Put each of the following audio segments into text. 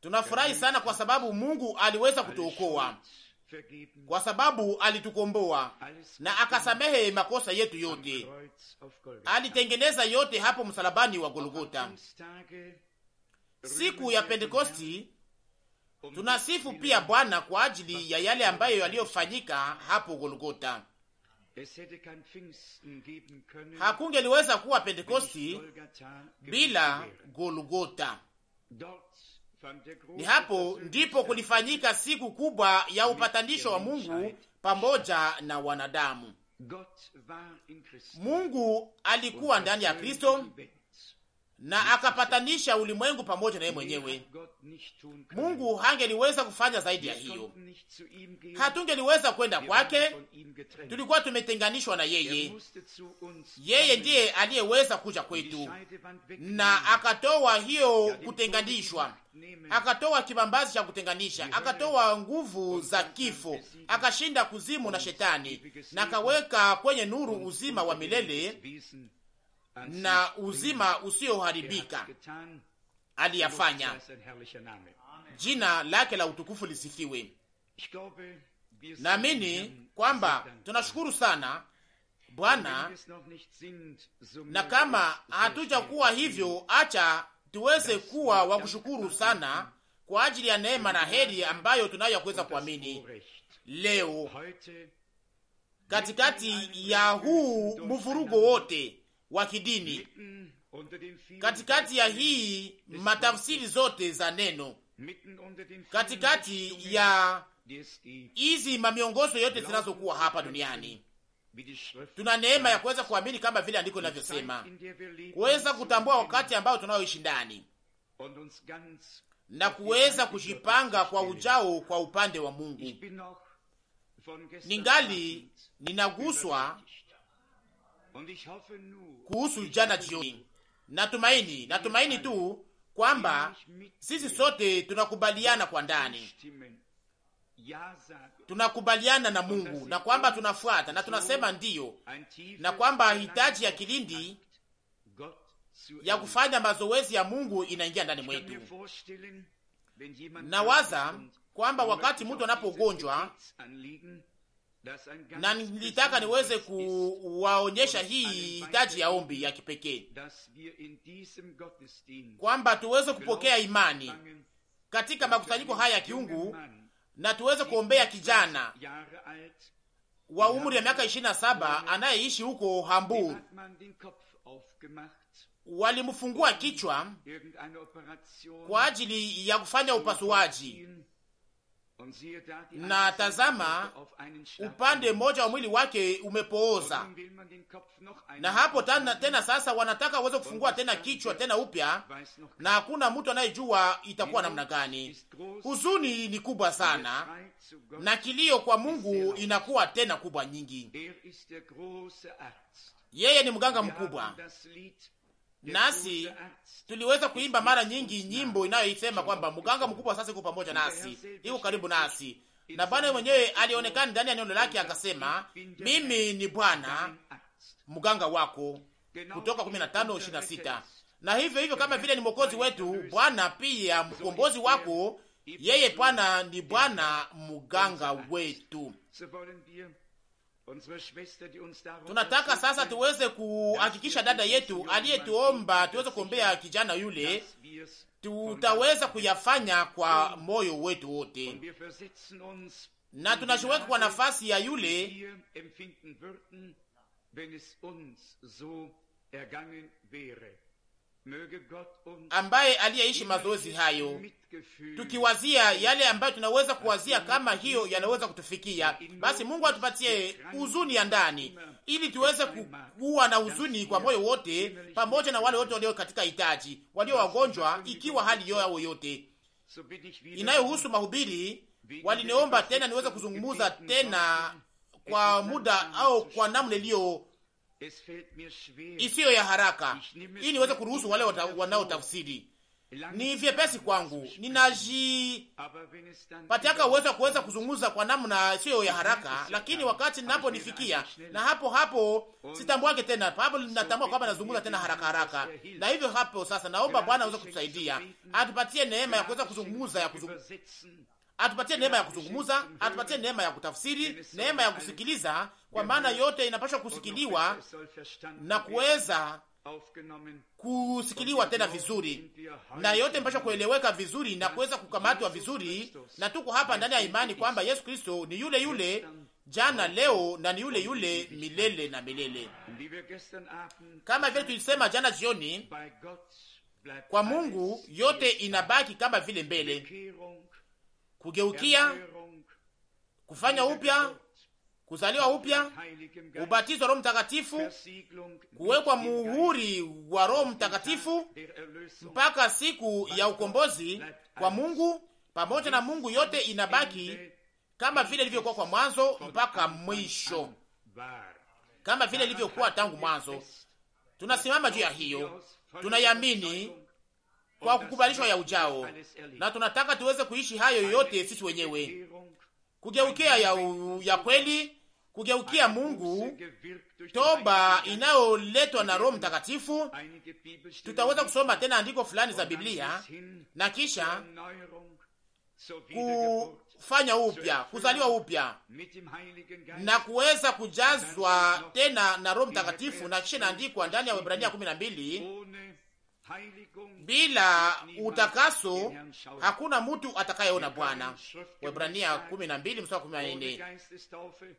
Tunafurahi sana kwa sababu Mungu aliweza kutuokoa, kwa sababu alitukomboa na akasamehe makosa yetu yote, alitengeneza yote hapo msalabani wa Golgota. Siku ya Pentekosti um tunasifu pia Bwana kwa ajili ya yale ambayo yaliyofanyika hapo Golgota hakungeliweza kuwa Pentekosti bila Golgota. Ni hapo ndipo kulifanyika siku kubwa ya upatanisho wa Mungu pamoja na wanadamu. Mungu alikuwa ndani ya er Kristo na akapatanisha ulimwengu pamoja na yeye mwenyewe. Mungu hangeliweza kufanya zaidi ya hiyo, hatungeliweza kwenda kwake, tulikuwa tumetenganishwa na yeye. Er yeye ndiye aliyeweza kuja kwetu na akatoa hiyo kutenganishwa, akatoa kibambazi cha kutenganisha, akatoa nguvu za kifo, akashinda kuzimu na shetani, na akaweka kwenye nuru uzima wa milele na uzima usioharibika aliyafanya. Jina lake la utukufu lisifiwe. Naamini kwamba tunashukuru sana Bwana, na kama hatujakuwa hivyo, acha tuweze kuwa wa kushukuru sana kwa ajili ya neema na heri ambayo tunayo ya kuweza kuamini leo katikati ya huu mvurugo wote wa kidini mm, mm. katikati ya hii matafsiri zote za neno, katikati ya e, hizi mamiongozo yote zinazokuwa hapa duniani, tuna neema ya kuweza kuamini kama vile andiko linavyosema, kuweza kutambua wakati ambao tunaoishi ndani na kuweza kujipanga kwa ujao kwa upande wa Mungu. Ningali ninaguswa kuhusu jana jioni. Natumaini, natumaini tu kwamba sisi sote tunakubaliana kwa ndani, tunakubaliana na Mungu na kwamba tunafuata na tunasema ndiyo, na kwamba hitaji ya kilindi ya kufanya mazoezi ya Mungu inaingia ndani mwetu. Nawaza kwamba wakati mtu anapogonjwa na nilitaka niweze kuwaonyesha hii hitaji ya ombi ya kipekee kwamba tuweze kupokea imani katika makusanyiko haya ya kiungu na tuweze kuombea kijana wa umri ya miaka ishirini na saba anayeishi huko hambur Walimfungua kichwa kwa ajili ya kufanya upasuaji na tazama, upande mmoja wa mwili wake umepooza, na hapo tana, tena sasa wanataka waweze kufungua tena kichwa tena upya, na hakuna mtu anayejua itakuwa namna gani. Huzuni ni kubwa sana, na kilio kwa Mungu inakuwa tena kubwa nyingi. Er Yeye ni mganga mkubwa nasi tuliweza kuimba mara nyingi nyimbo inayoisema kwamba mganga mkubwa sasa yuko pamoja nasi, yuko karibu nasi, na Bwana mwenyewe alionekana ndani ya neno lake akasema, mimi ni Bwana mganga wako, Kutoka 15:26. Na hivyo hivyo, kama vile ni mwokozi wetu, Bwana pia mkombozi wako, yeye Bwana ni Bwana mganga wetu. Tunataka sasa tuweze kuhakikisha dada yetu aliyetuomba tuweze kuombea kijana yule, tutaweza kuyafanya kwa moyo wetu wote, na tunashuweka kwa nafasi ya yule ambaye aliyeishi mazoezi hayo, tukiwazia yale ambayo tunaweza kuwazia kama hiyo yanaweza kutufikia, basi Mungu atupatie huzuni ya ndani, ili tuweze kuwa na huzuni kwa moyo wote, pamoja na wale wote walio katika hitaji, walio wagonjwa, ikiwa hali yao yote inayohusu mahubiri. Waliniomba tena niweze kuzungumuza tena kwa muda au kwa namna iliyo isiyo ya haraka, ili niweze kuruhusu wale wanaotafsiri. Ni vyepesi kwangu, ninajipatiaka uwezo wa kuweza kuzungumza kwa namna siyo ya haraka, lakini wakati ninaponifikia na hapo hapo sitambuake tena, hapo ninatambua kwamba nazungumza tena haraka haraka, na hivyo hapo sasa, naomba Bwana aweze kutusaidia, atupatie neema ya kuweza kuzungumza ya kuzungumza atupatie neema ya kuzungumuza, atupatie neema ya kutafsiri, neema ya kusikiliza, kwa maana yote inapaswa kusikiliwa na kuweza kusikiliwa tena vizuri, na yote inapaswa kueleweka vizuri na kuweza kukamatwa vizuri. Na tuko hapa ndani ya imani kwamba Yesu Kristo ni yule yule um, jana, um, leo na ni yule um, yule milele na milele. Kama vile tulisema jana jioni, kwa Mungu yote inabaki kama vile mbele kugeukia, kufanya upya, kuzaliwa upya, ubatizo wa Roho Mtakatifu, kuwekwa muhuri wa Roho Mtakatifu mpaka siku ya ukombozi kwa Mungu pamoja na Mungu, yote inabaki kama vile ilivyokuwa kwa mwanzo mpaka mwisho, kama vile ilivyokuwa tangu mwanzo. Tunasimama juu ya hiyo, tunaiamini kwa kukubalishwa ya ujao, na tunataka tuweze kuishi hayo yote sisi wenyewe, kugeukia ya, ya kweli, kugeukia Mungu, toba inayoletwa na Roho Mtakatifu. Tutaweza kusoma tena andiko fulani za Biblia na kisha kufanya upya, kuzaliwa upya na kuweza kujazwa tena na Roho Mtakatifu, na kisha inaandikwa ndani ya Waebrania kumi na mbili bila utakaso hakuna mtu atakayeona Bwana. Waebrania 12 mstari wa 14,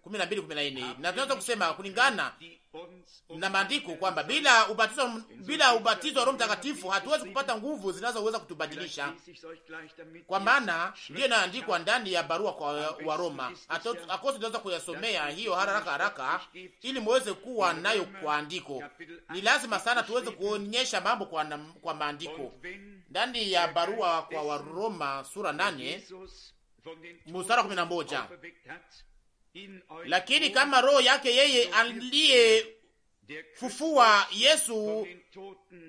12 14. Na tunaweza kusema kulingana na maandiko kwamba bila ubatizo, bila ubatizo wa Roho Mtakatifu hatuwezi kupata nguvu zinazoweza kutubadilisha, kwa maana ndiyo inayoandikwa ndani ya barua kwa wa Roma. Akosi tunaweza kuyasomea hiyo haraka haraka ili muweze kuwa nayo kwa andiko. Ni lazima sana tuweze kuonyesha mambo kwa na kwa maandiko ndani ya barua kwa Waroma sura nane mstari kumi na moja lakini kama roho yake yeye aliyefufua Yesu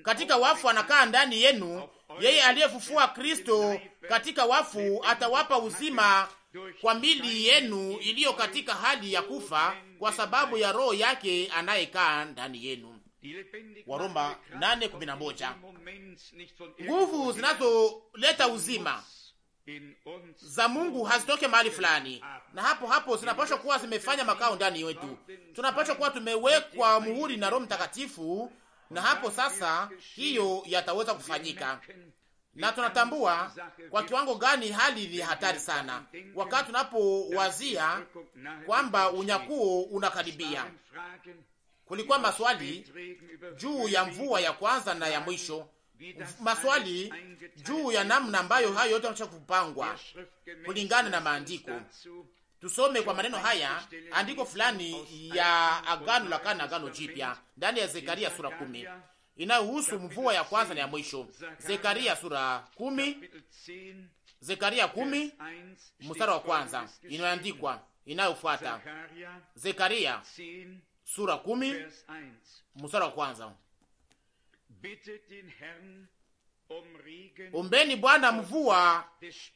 katika wafu anakaa ndani yenu, yeye aliyefufua Kristo katika wafu atawapa uzima er kwa mili yenu iliyo katika hali ya kufa, kwa sababu ya roho yake anayekaa ndani yenu. Waroma nane Nguvu zinazoleta uzima za Mungu hazitoke mahali fulani, na hapo hapo zinapashwa kuwa zimefanya makao ndani yetu. Tunapashwa kuwa tumewekwa muhuri na Roho Mtakatifu, na hapo sasa hiyo yataweza kufanyika na tunatambua kwa kiwango gani hali ni hatari sana, wakati tunapowazia kwamba unyakuo unakaribia kulikuwa maswali juu ya mvua ya kwanza na ya mwisho, maswali juu ya namna ambayo hayo yote yanapaswa kupangwa kulingana na maandiko. Tusome kwa maneno haya andiko fulani ya Agano la Kale na Agano Jipya ndani ya Zekaria sura kumi inayohusu mvua ya kwanza na ya mwisho. Zekaria sura kumi, Zekaria kumi mstari wa kwanza inayoandikwa inayofuata Zekaria sura kumi mstari wa kwanza. Um Ombeni Bwana mvua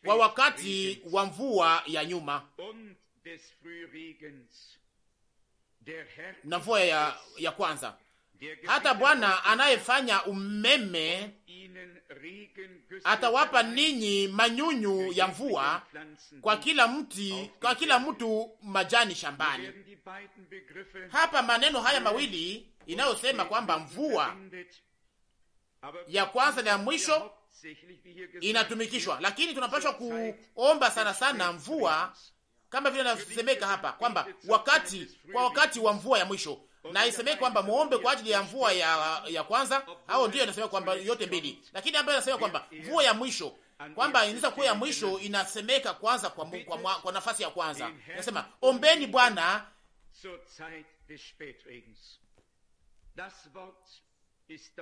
kwa wakati wa mvua ya nyuma na mvua ya, ya kwanza hata Bwana anayefanya umeme atawapa ninyi manyunyu ya mvua, kwa kila mti, kwa kila mtu majani shambani. Hapa maneno haya mawili inayosema kwamba mvua ya kwanza na ya mwisho inatumikishwa, lakini tunapaswa kuomba sana sana mvua, kama vile inavyosemeka hapa kwamba wakati, kwa wakati wa mvua ya mwisho na isemei kwamba muombe kwa ajili ya mvua ya, ya kwanza au ndio inasema kwamba yote mbili, lakini ambayo inasema kwamba mvua ya mwisho kwamba inaweza kuwa ya mwisho inasemeka kwanza kwa, kwa, kwa, kwa nafasi ya kwanza inasema ombeni Bwana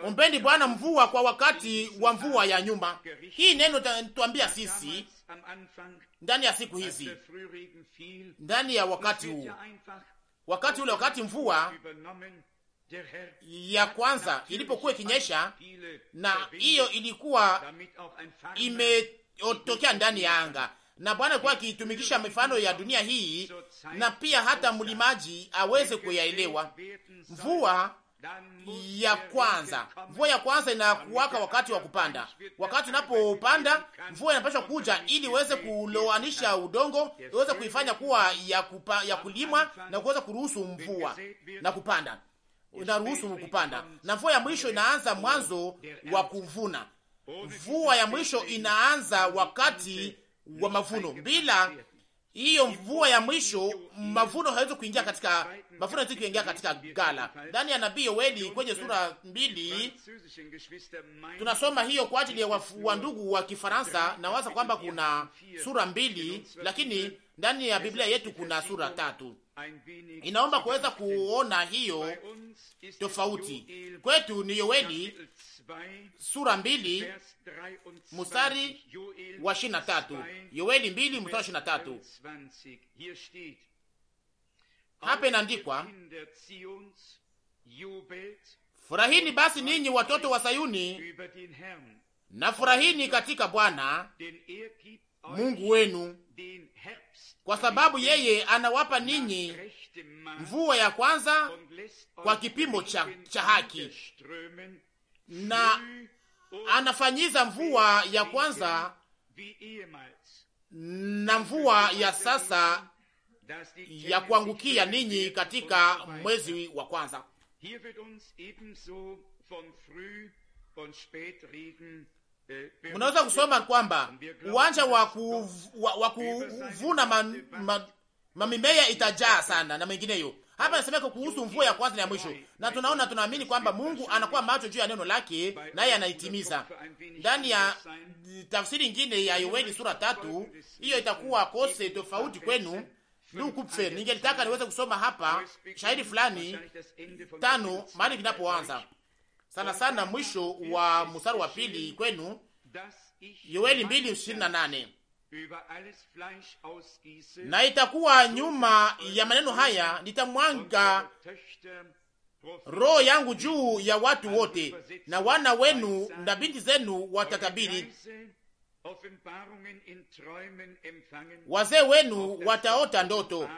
ombeni Bwana mvua kwa wakati wa mvua ya nyuma. Hii neno tuambia sisi ndani ya siku hizi, ndani ya wakati huu wakati ule, wakati mvua ya kwanza ilipokuwa ikinyesha, na hiyo ilikuwa imetokea ndani ya anga, na Bwana alikuwa akitumikisha mifano ya dunia hii, na pia hata mlimaji aweze kuyaelewa mvua ya kwanza. Mvua ya kwanza inakuwaka wakati wa kupanda. Wakati unapopanda, mvua inapaswa kuja ili iweze kuloanisha udongo, iweze kuifanya kuwa ya, kupa, ya kulimwa na kuweza kuruhusu mvua na kupanda, inaruhusu kupanda. Na mvua ya mwisho inaanza mwanzo wa kuvuna. Mvua ya mwisho inaanza wakati wa mavuno. Bila hiyo mvua ya mwisho, mavuno hawezi kuingia katika mavuno, hawezi kuingia katika gala. Ndani ya nabii Yoeli kwenye sura mbili tunasoma hiyo kwa ajili ya wandugu wa Kifaransa. Nawaza kwamba kuna sura mbili, lakini ndani ya Biblia yetu kuna sura tatu inaomba kuweza kuona hiyo tofauti. Kwetu ni Yoeli sura mbili mstari wa ishirini na tatu. Yoeli mbili mstari wa ishirini na tatu. Hapa inaandikwa furahini basi ninyi watoto wa Sayuni na furahini katika Bwana, Mungu wenu, kwa sababu yeye anawapa ninyi mvua ya kwanza kwa kipimo cha, cha haki, na anafanyiza mvua ya kwanza na mvua ya sasa ya kuangukia ninyi katika mwezi wa kwanza. Mnaweza kusoma kwamba uwanja wa kuvuna ma, ma, mamimea itajaa sana na mengineyo. Hapa nasemeka kuhusu mvua ya kwanza na ya mwisho, na tunaona tunaamini kwamba Mungu anakuwa macho juu ya neno lake, naye anaitimiza. Ndani ya tafsiri ingine ya Yoeli sura tatu, hiyo itakuwa kose tofauti kwenu. Ndugu ningelitaka niweze kusoma hapa shahidi fulani tano mahali kinapoanza sana sana mwisho wa mstari wa pili kwenu, Yoeli mbili ishirini nane na itakuwa nyuma ya maneno haya, nitamwanga roho yangu juu ya watu wote, na wana wenu na binti zenu watatabiri, wazee wenu wataota ndoto.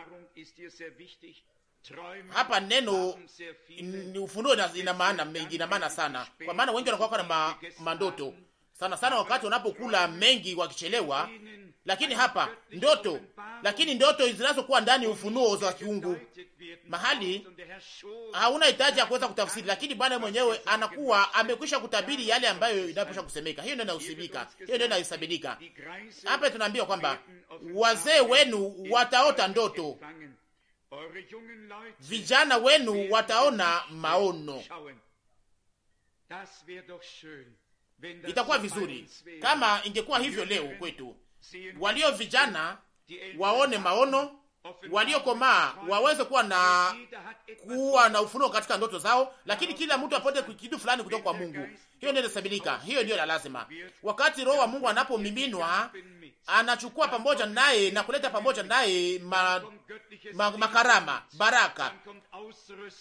Hapa neno ni ufunuo, ina maana ina maana sana, kwa maana wengi wanakuwa na ma, mandoto sana sana wakati wanapokula mengi wakichelewa, lakini hapa ndoto, lakini ndoto zinazokuwa ndani ya ufunuo za kiungu mahali hauna hitaji ya kuweza kutafsiri, lakini Bwana mwenyewe anakuwa amekwisha kutabiri yale ambayo inapaswa kusemeka. Hiyo ndio inahusibika, hiyo ndio inahesabika. Hapa tunaambiwa kwamba wazee wenu wataota ndoto vijana wenu wataona maono. Itakuwa vizuri kama ingekuwa hivyo leo kwetu, walio vijana waone maono, waliokomaa waweze kuwa na kuwa na ufunuo katika ndoto zao, lakini kila mtu apote kitu fulani kutoka kwa Mungu. Hiyo ndio inasabilika, hiyo ndio la lazima. Wakati roho wa Mungu anapomiminwa anachukua pamoja naye na kuleta pamoja naye ma, ma, makarama, baraka,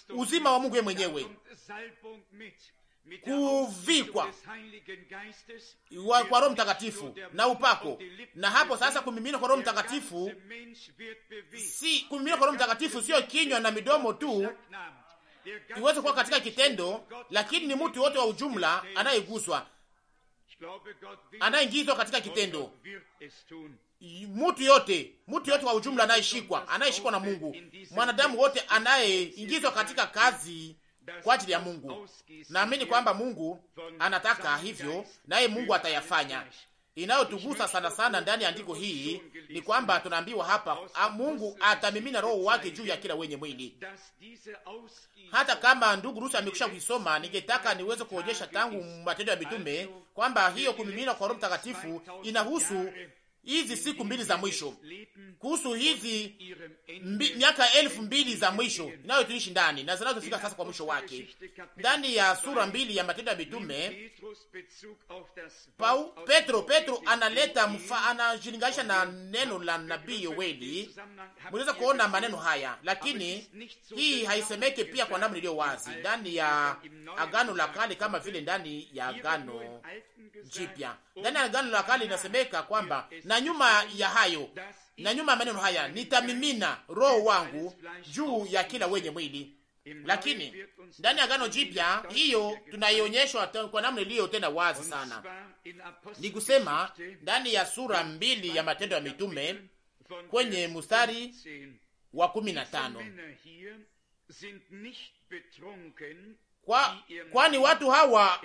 uzima wa Mungu yeye mwenyewe, kuvikwa kwa Roho Mtakatifu na upako. Na hapo sasa kumimina kwa Roho Mtakatifu, si kumimina kwa Roho Mtakatifu sio kinywa na midomo tu iweze kuwa katika kitendo, lakini ni mtu wote wa ujumla anayeguswa anayeingizwa katika kitendo. Mtu yote mtu yote kwa ujumla anayeshikwa anayeshikwa na Mungu, mwanadamu wote anayeingizwa katika kazi kwa ajili ya Mungu. Naamini kwamba Mungu anataka hivyo, naye Mungu atayafanya inayotugusa sana sana ndani ya andiko hii ni kwamba tunaambiwa hapa a, Mungu atamimina roho wake juu ya kila wenye mwili. Hata kama ndugu Rusi amekusha kuisoma, ningetaka niweze kuonyesha tangu Matendo ya Mitume kwamba hiyo kumimina kwa Roho Mtakatifu inahusu hizi siku mbili za mwisho, kuhusu hizi miaka elfu mbili za mwisho inayotuishi ndani na zinazofika sasa kwa mwisho wake. Ndani ya sura mbili ya Matendo ya Mitume, Pau Petro Petro analeta anajilinganisha na neno la nabii Yoweli. Mnaweza kuona maneno haya, lakini hii haisemeke pia kwa namna iliyo wazi ndani ya Agano la Kale kama vile ndani ya Agano Jipya. Ndani ya Agano la Kale inasemeka kwamba na na nyuma ya hayo na nyuma ya maneno haya nitamimina roho wangu juu ya kila wenye mwili. Lakini ndani ya Agano Jipya hiyo tunaionyeshwa kwa namna iliyo tena wazi sana, ni kusema ndani ya sura mbili ya Matendo ya Mitume kwenye mstari wa kumi na tano kwa, kwani watu hawa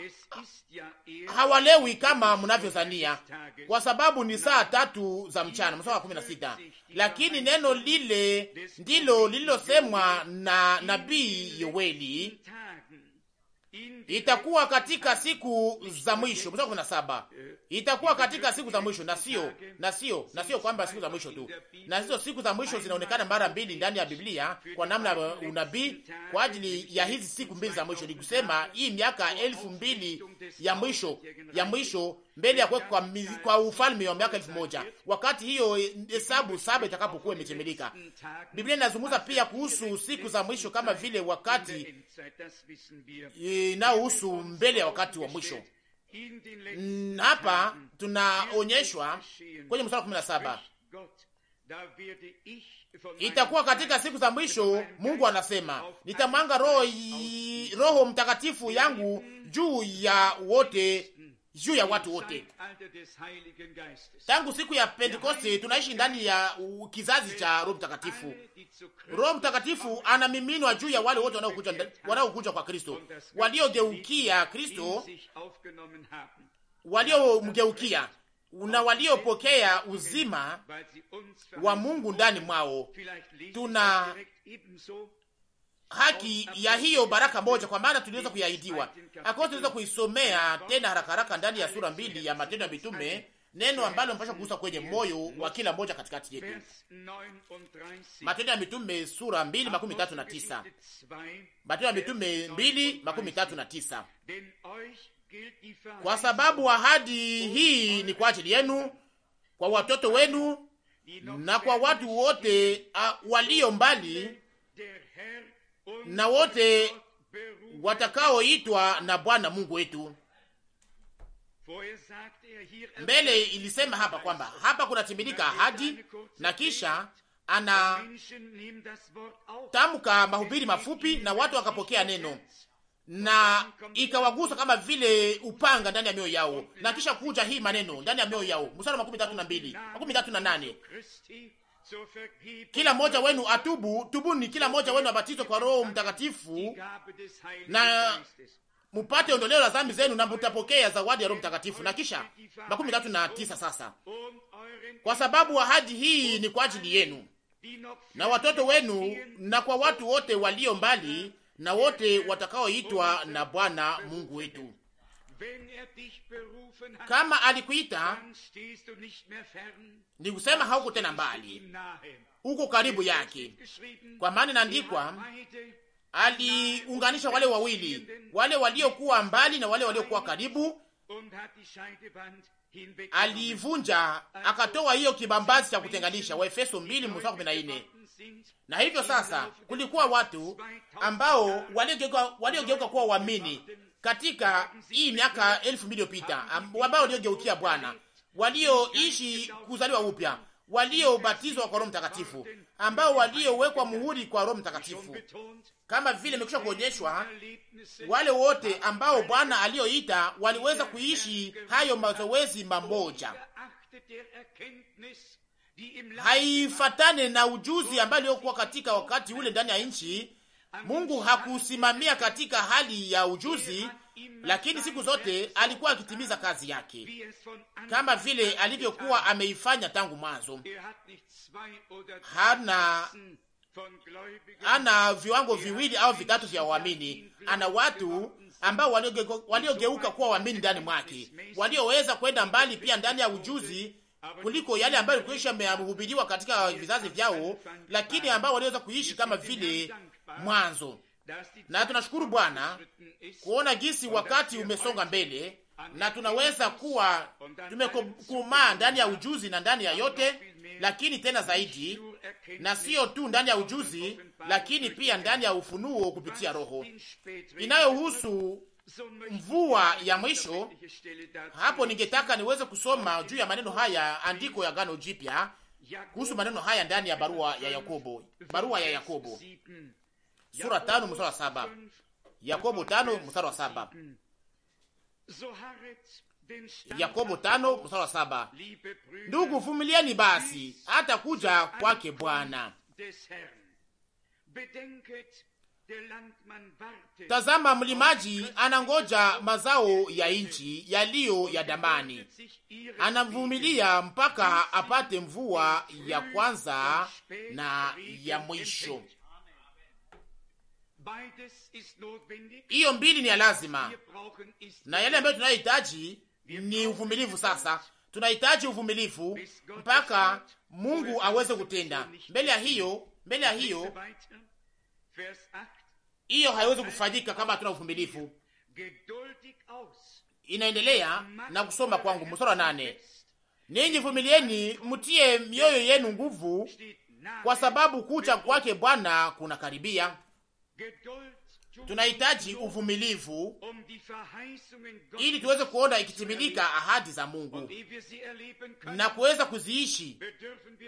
hawalewi kama mnavyozania, kwa sababu ni saa tatu za mchana. Mstari wa kumi na sita, lakini neno lile ndilo lililosemwa na nabii yoweli itakuwa katika siku za mwisho. Mstari kumi na saba itakuwa katika siku za mwisho, na sio na sio na sio kwamba siku za mwisho tu, na hizo siku za mwisho zinaonekana mara mbili ndani ya Biblia kwa namna ya unabii kwa ajili ya hizi siku mbili za mwisho. nikusema hii miaka elfu mbili ya mwisho ya mwisho mbele ya kuwekwa kwa, kwa ufalme wa miaka elfu moja wakati hiyo hesabu saba itakapokuwa imetimilika. Biblia inazungumza pia kuhusu siku za mwisho kama vile wakati eh, na inayohusu mbele ya wakati wa mwisho. Hapa tunaonyeshwa kwenye mstari wa kumi na saba itakuwa katika siku za mwisho, Mungu anasema nitamwanga roho, roho Mtakatifu yangu juu ya wote juu ya watu wote. Tangu siku ya Pentekoste tunaishi ndani ya kizazi cha Roho Mtakatifu. Roho Mtakatifu anamiminwa juu ya wale wote wanaokuja wanaokuja kwa Kristo, waliogeukia Kristo, waliomgeukia na waliopokea uzima wa Mungu ndani mwao. Tuna haki ya hiyo baraka moja, kwa maana tuliweza kuahidiwa. Akose tuliweza kuisomea tena haraka haraka ndani ya sura mbili ya Matendo ya Mitume, neno ambalo mpasha kugusa kwenye moyo wa kila mmoja katikati yetu. Matendo ya Mitume sura mbili makumi tatu na tisa Matendo ya Mitume mbili makumi tatu na tisa Kwa sababu ahadi hii ni kwa ajili yenu, kwa watoto wenu na kwa watu wote ah, walio mbali na wote watakaoitwa na Bwana Mungu wetu. Mbele ilisema hapa kwamba hapa kunatimilika ahadi, na kisha anatamka mahubiri mafupi na watu wakapokea neno na ikawagusa kama vile upanga ndani ya mioyo yao, na kisha kuja hii maneno ndani ya mioyo yao. Mstari wa makumi tatu na mbili makumi tatu na nane kila mmoja wenu atubu, tubuni, kila mmoja wenu abatizwe kwa Roho Mtakatifu na mupate ondoleo la dhambi zenu, na mutapokea zawadi ya Roho Mtakatifu. Na kisha makumi tatu na tisa, sasa kwa sababu ahadi hii ni kwa ajili yenu na watoto wenu na kwa watu wote walio mbali na wote watakaoitwa na Bwana Mungu wetu. Er Kama alikuita ni kusema hauko tena mbali, uko karibu yake, kwa maana inaandikwa aliunganisha wale wawili, wale waliokuwa mbali na wale waliokuwa karibu, aliivunja akatoa hiyo kibambazi cha kutenganisha, Waefeso 2:14. Na hivyo sasa kulikuwa watu ambao waliogeuka kuwa waamini katika hii miaka elfu mbili iliyopita, ambao waliogeukia Bwana, walioishi kuzaliwa upya, waliobatizwa kwa Roho Mtakatifu, ambao waliowekwa muhuri kwa Roho Mtakatifu, kama vile imekwisha kuonyeshwa. Wale wote ambao Bwana aliyoita waliweza kuishi hayo mazoezi mamoja haifatane na ujuzi ambayo iliyokuwa katika wakati ule ndani ya nchi Mungu hakusimamia katika hali ya ujuzi, lakini siku zote alikuwa akitimiza kazi yake kama vile alivyokuwa ameifanya tangu mwanzo. Hana ana viwango viwili au vitatu vya waamini. Ana watu ambao waliogeuka kuwa waamini ndani mwake, walioweza kwenda mbali pia ndani ya ujuzi kuliko yale ambayo kuishi amehubiriwa katika vizazi vyao, lakini ambao waliweza kuishi kama vile mwanzo, na tunashukuru Bwana kuona jinsi wakati umesonga mbele na tunaweza kuwa tumekomaa ndani ya ujuzi na ndani ya yote, lakini tena zaidi, na siyo tu ndani ya ujuzi, lakini pia ndani ya ufunuo kupitia Roho inayohusu mvua ya mwisho. Hapo ningetaka niweze kusoma juu ya maneno haya, andiko ya gano jipya kuhusu maneno haya ndani ya barua ya Yakobo, barua ya Yakobo sura tano mstari wa saba Yakobo tano mstari wa saba Yakobo tano mstari wa saba Ndugu, vumilieni basi hata kuja kwake Bwana. Tazama, mlimaji anangoja mazao ya nchi yaliyo ya damani, anavumilia mpaka apate mvua ya kwanza na ya mwisho. Hiyo mbili ni ya lazima, na yale ambayo tunayohitaji ni uvumilivu. Sasa tunahitaji uvumilivu mpaka Mungu aweze kutenda. Mbele ya hiyo, mbele ya hiyo, hiyo haiwezi kufanyika kama hatuna uvumilivu. Inaendelea na kusoma kwangu, mstari wa nane: ninyi vumilieni, mtie mioyo yenu nguvu, kwa sababu kucha kwake Bwana kunakaribia tunahitaji uvumilivu um ili tuweze kuona ikitimilika ahadi za Mungu um na kuweza kuziishi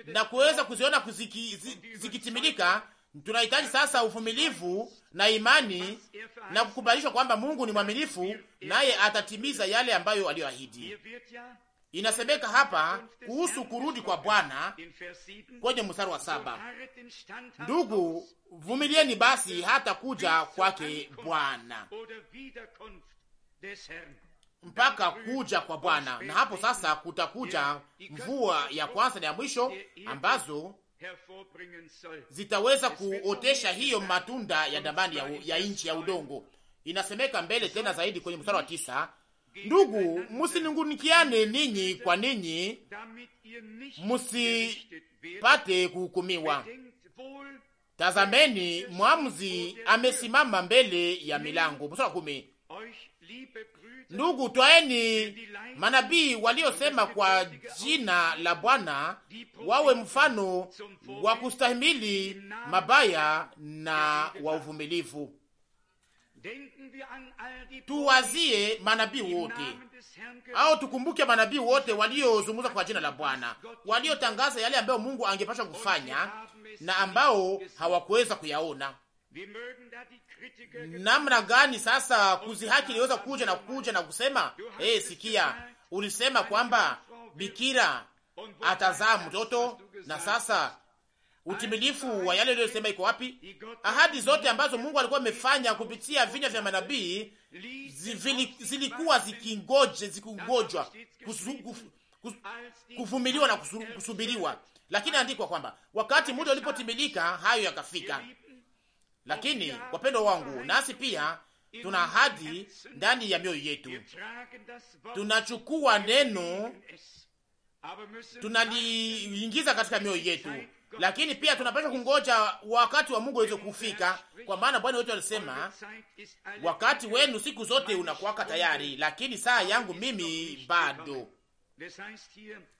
na kuweza kuziona um zi, zikitimilika. Tunahitaji sasa uvumilivu na imani er na kukubalishwa kwamba Mungu ni mwaminifu, er naye atatimiza yale ambayo aliyoahidi. Inasemeka hapa kuhusu kurudi kwa Bwana kwenye mstari wa saba, ndugu vumilieni basi hata kuja kwake Bwana, mpaka kuja kwa Bwana. Na hapo sasa kutakuja mvua ya kwanza na ya mwisho ambazo zitaweza kuotesha hiyo matunda ya dambani ya, ya nchi ya udongo. Inasemeka mbele tena zaidi kwenye mstari wa tisa Ndugu, musinungunikiane ninyi kwa ninyi, musipate kuhukumiwa. Tazameni, mwamuzi amesimama mbele ya milango. Mstari kumi. Ndugu, twaeni manabii waliosema kwa jina la Bwana wawe mfano wa kustahimili mabaya na wa uvumilivu. Tuwazie manabii wote au tukumbuke manabii wote waliozungumza kwa jina la Bwana, waliotangaza yale ambayo Mungu angepasha kufanya na ambao hawakuweza kuyaona. Namna gani sasa kuzihaki iliweza kuja na kuja na kusema hey, sikia, ulisema kwamba bikira atazaa mtoto na sasa utimilifu wa yale aliyosema iko wapi? Ahadi zote ambazo Mungu alikuwa amefanya kupitia vinywa vya manabii zilikuwa zikingoje, zikungojwa kuvumiliwa na kusubiriwa. Lakini andikwa kwamba wakati muda ulipotimilika hayo yakafika. Lakini wapendwa wangu, nasi pia tuna ahadi ndani ya mioyo yetu, tunachukua neno tunaliingiza katika mioyo yetu lakini pia tunapaswa kungoja wakati wa Mungu uweze kufika, kwa maana Bwana wetu alisema, wakati wenu siku zote unakuwaka tayari, lakini saa yangu mimi bado.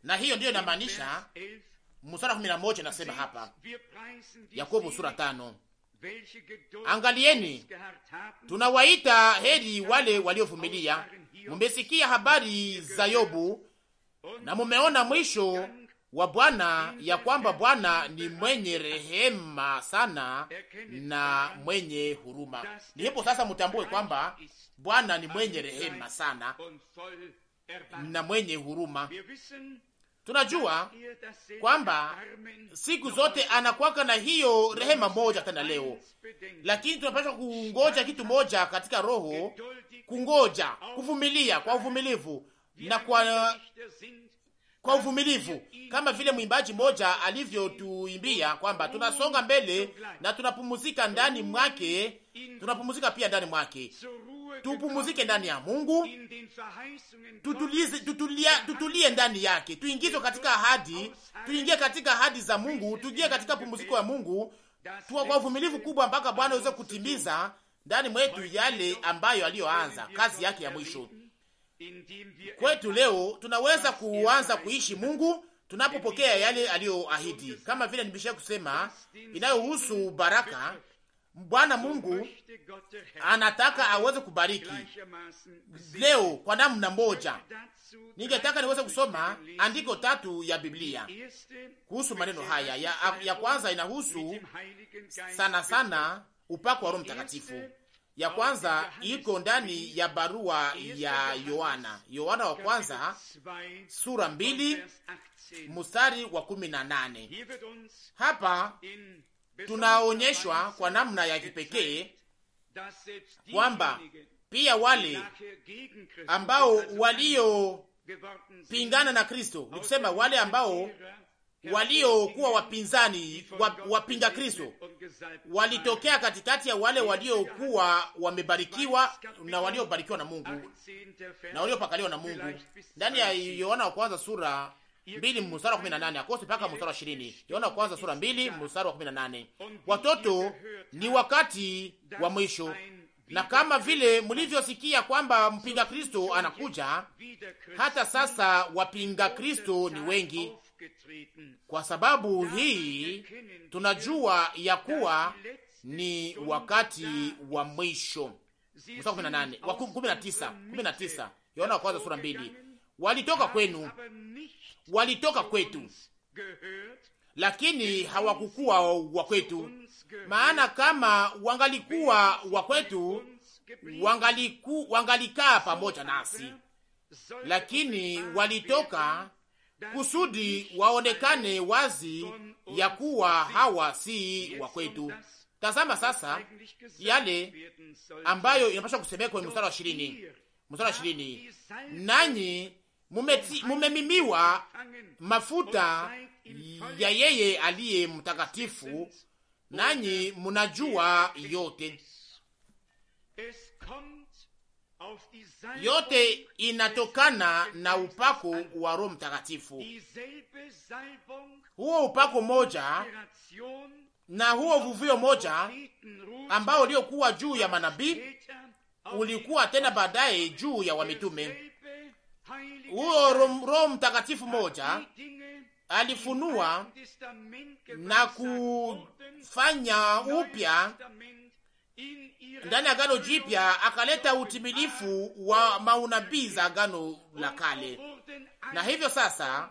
Na hiyo ndiyo inamaanisha mstari kumi na moja nasema hapa, Yakobo sura tano, angalieni tunawaita heri wale waliovumilia. Mumesikia habari za Yobu na mumeona mwisho wa Bwana ya kwamba Bwana ni mwenye rehema sana na mwenye huruma. Ni hapo sasa mutambue kwamba Bwana ni mwenye rehema sana na mwenye huruma. Tunajua kwamba siku zote anakwaka na hiyo rehema moja tena leo, lakini tunapaswa kungoja kitu moja katika roho, kungoja, kuvumilia kwa uvumilivu na kwa kwa uvumilivu, kama vile mwimbaji mmoja alivyotuimbia kwamba tunasonga mbele na tunapumuzika ndani mwake, tunapumuzika pia ndani mwake. Tupumuzike ndani ya Mungu, tutulize, tutulia, tutulie ndani yake, tuingizwe katika ahadi, tuingie katika ahadi za Mungu, tuingie katika pumuziko ya Mungu, tuwa kwa uvumilivu kubwa mpaka Bwana aweze kutimiza ndani mwetu yale ambayo aliyoanza kazi yake ya mwisho kwetu leo tunaweza kuanza kuishi Mungu tunapopokea yale aliyoahidi, kama vile nimesha kusema, inayohusu baraka. Bwana Mungu anataka aweze kubariki leo kwa namna moja. Ningetaka niweze kusoma andiko tatu ya Biblia kuhusu maneno haya. Ya, ya kwanza inahusu sana sana upako wa Roho Mtakatifu ya kwanza iko ndani ya barua ya Yohana, Yohana wa kwanza sura mbili mstari wa kumi na nane. Hapa tunaonyeshwa kwa namna ya kipekee kwamba pia wale ambao waliopingana na Kristo, ni kusema wale ambao waliokuwa wapinzani wapinga Kristo walitokea katikati ya wale waliokuwa wamebarikiwa na waliobarikiwa na Mungu na waliopakaliwa na Mungu. Ndani ya Yohana wa kwanza sura mbili mstari wa kumi na nane akose mpaka mstari wa ishirini Yohana wa kwanza sura mbili mstari wa kumi na nane Watoto, ni wakati wa mwisho, na kama vile mlivyosikia kwamba mpinga Kristo anakuja, hata sasa wapinga Kristo ni wengi kwa sababu hii tunajua ya kuwa ni wakati wa mwisho. Kumi Yohana wa kwanza sura mbili. Walitoka kwenu, walitoka kwetu, lakini hawakukuwa wa kwetu. Maana kama wangalikuwa wa kwetu, wangalikaa pamoja nasi, lakini walitoka kusudi waonekane wazi ya kuwa hawa si wa kwetu. Tazama sasa yale ambayo inapaswa kusemeka kwenye mstari wa ishirini, mstari wa ishirini: nanyi mumemimiwa mafuta ya yeye aliye mtakatifu, nanyi munajua yote yote inatokana na upako wa Roho Mtakatifu. Huo upako moja na huo vuvio moja ambao uliokuwa juu ya manabii ulikuwa tena baadaye juu ya wamitume. Huo Roho Mtakatifu moja alifunua na kufanya upya ndani ya Agano Jipya akaleta utimilifu wa maunabii za Agano la Kale, na hivyo sasa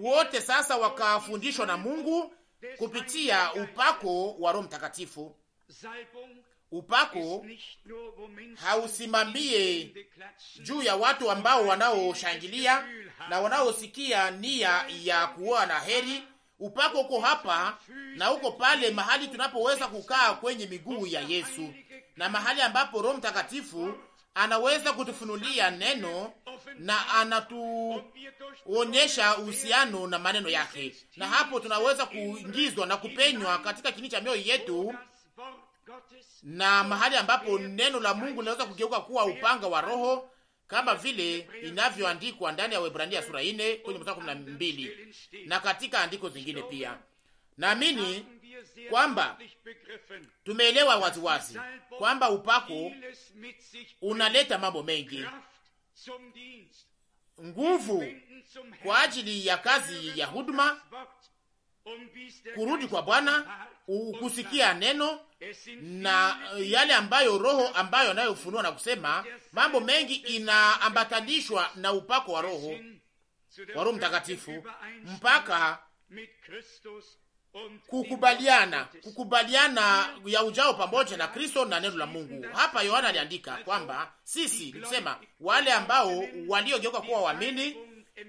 wote sasa wakafundishwa na Mungu kupitia upako wa Roho Mtakatifu. Upako hausimamie juu ya watu ambao wanaoshangilia na wanaosikia nia ya kuoa na heri upako uko hapa na uko pale, mahali tunapoweza kukaa kwenye miguu ya Yesu na mahali ambapo Roho Mtakatifu anaweza kutufunulia neno na anatuonyesha uhusiano na maneno yake, na hapo tunaweza kuingizwa na kupenywa katika kini cha mioyo yetu, na mahali ambapo neno la Mungu linaweza kugeuka kuwa upanga wa Roho kama vile inavyoandikwa ndani ya Waebrania sura ine kwenye mstari kumi na mbili na katika andiko zingine pia. Naamini kwamba tumeelewa waziwazi kwamba upako unaleta mambo mengi, nguvu kwa ajili ya kazi ya huduma kurudi kwa Bwana, kusikia neno na yale ambayo roho ambayo anayofunua na kusema mambo mengi inaambatanishwa na upako wa roho wa Roho Mtakatifu mpaka kukubaliana kukubaliana ya ujao pamoja na Kristo na neno la Mungu. Hapa Yohana aliandika kwamba sisi nikusema wale ambao waliogeuka kuwa waamini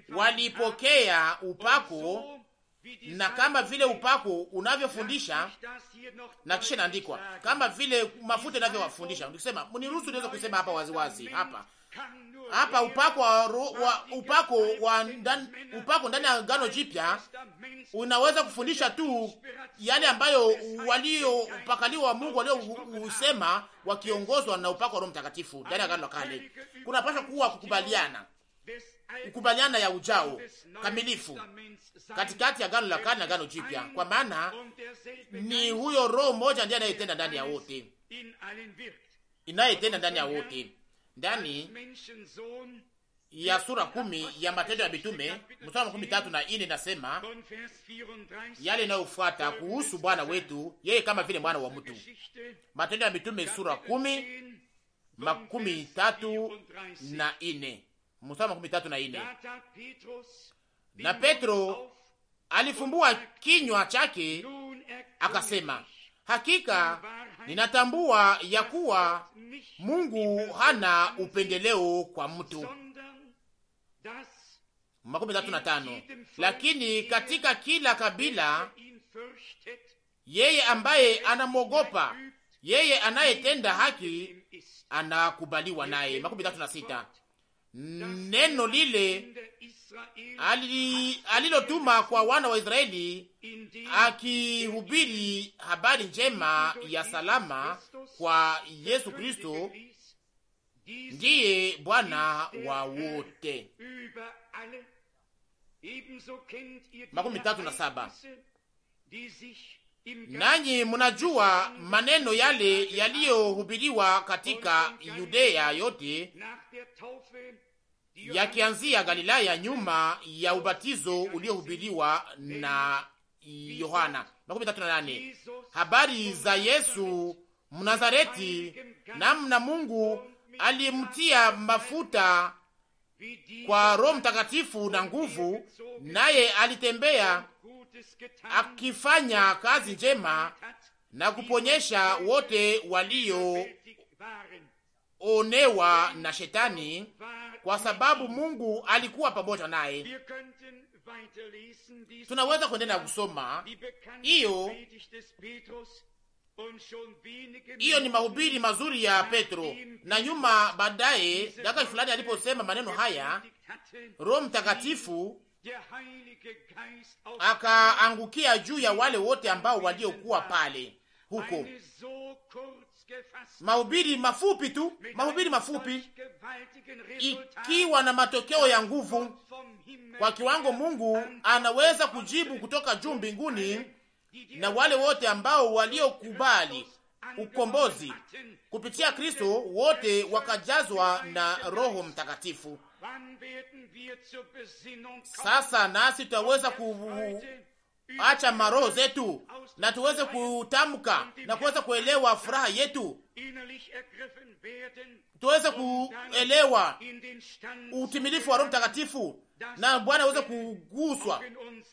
walipokea upako na kama vile upako unavyofundisha, na kisha inaandikwa kama vile mafuta inavyowafundisha. Nikisema mniruhusu, niweze kusema hapa waziwazi hapa hapa, upako wa, wa, upako wa ndan, upako ndani ya gano Jipya unaweza kufundisha tu yale ambayo waliopakaliwa wa Mungu waliousema wakiongozwa na upako wa Roho Mtakatifu. Ndani ya gano la Kale kunapaswa kuwa kukubaliana kukubaliana ya ujao kamilifu katikati ya gano la kale na gano jipya, kwa maana ni huyo roho moja ndiye anayetenda ndani ya wote, inayetenda ndani ya wote. Ndani ya sura kumi ya Matendo ya Mitume mstari makumi tatu na ine inasema yale inayofuata kuhusu Bwana wetu, yeye kama vile mwana wa mtu. Matendo ya Mitume sura kumi makumi tatu na ine mstari makumi tatu na ine. Na Petro alifumbua kinywa chake akasema, hakika ninatambua ya kuwa Mungu hana upendeleo kwa mtu. Makumi tatu na tano. Lakini katika kila kabila yeye ambaye er anamwogopa yeye anayetenda haki anakubaliwa er naye. Makumi tatu na sita neno lile alilotuma kwa wana wa Israeli, akihubiri habari njema ya salama kwa Yesu Kristo ndiye Bwana wa wote. makumi tatu na saba Nanyi mnajua maneno yale yaliyohubiriwa katika yudeya yote yakianzia Galilaya nyuma ya ubatizo uliohubiriwa na Yohana. Makumi tatu na nane. Habari za Yesu Mnazareti, namna Mungu aliyemtia mafuta kwa Roho Mtakatifu na nguvu, naye alitembea akifanya kazi njema na kuponyesha wote walioonewa na Shetani, kwa sababu Mungu alikuwa pamoja naye. Tunaweza kuendelea kusoma hiyo hiyo ni mahubiri mazuri ya Petro, na nyuma baadaye, dakika fulani aliposema maneno haya, Roho Mtakatifu akaangukia juu ya wale wote ambao waliokuwa pale huko. Mahubiri mafupi tu, mahubiri mafupi ikiwa na matokeo ya nguvu, kwa kiwango Mungu anaweza kujibu kutoka juu mbinguni na wale wote ambao waliokubali ukombozi kupitia Kristo wote wakajazwa na Roho Mtakatifu. Sasa nasi tutaweza kuacha maroho zetu na tuweze kutamka na kuweza kuelewa furaha yetu, tuweze kuelewa utimilifu wa Roho Mtakatifu na Bwana aweze kuguswa,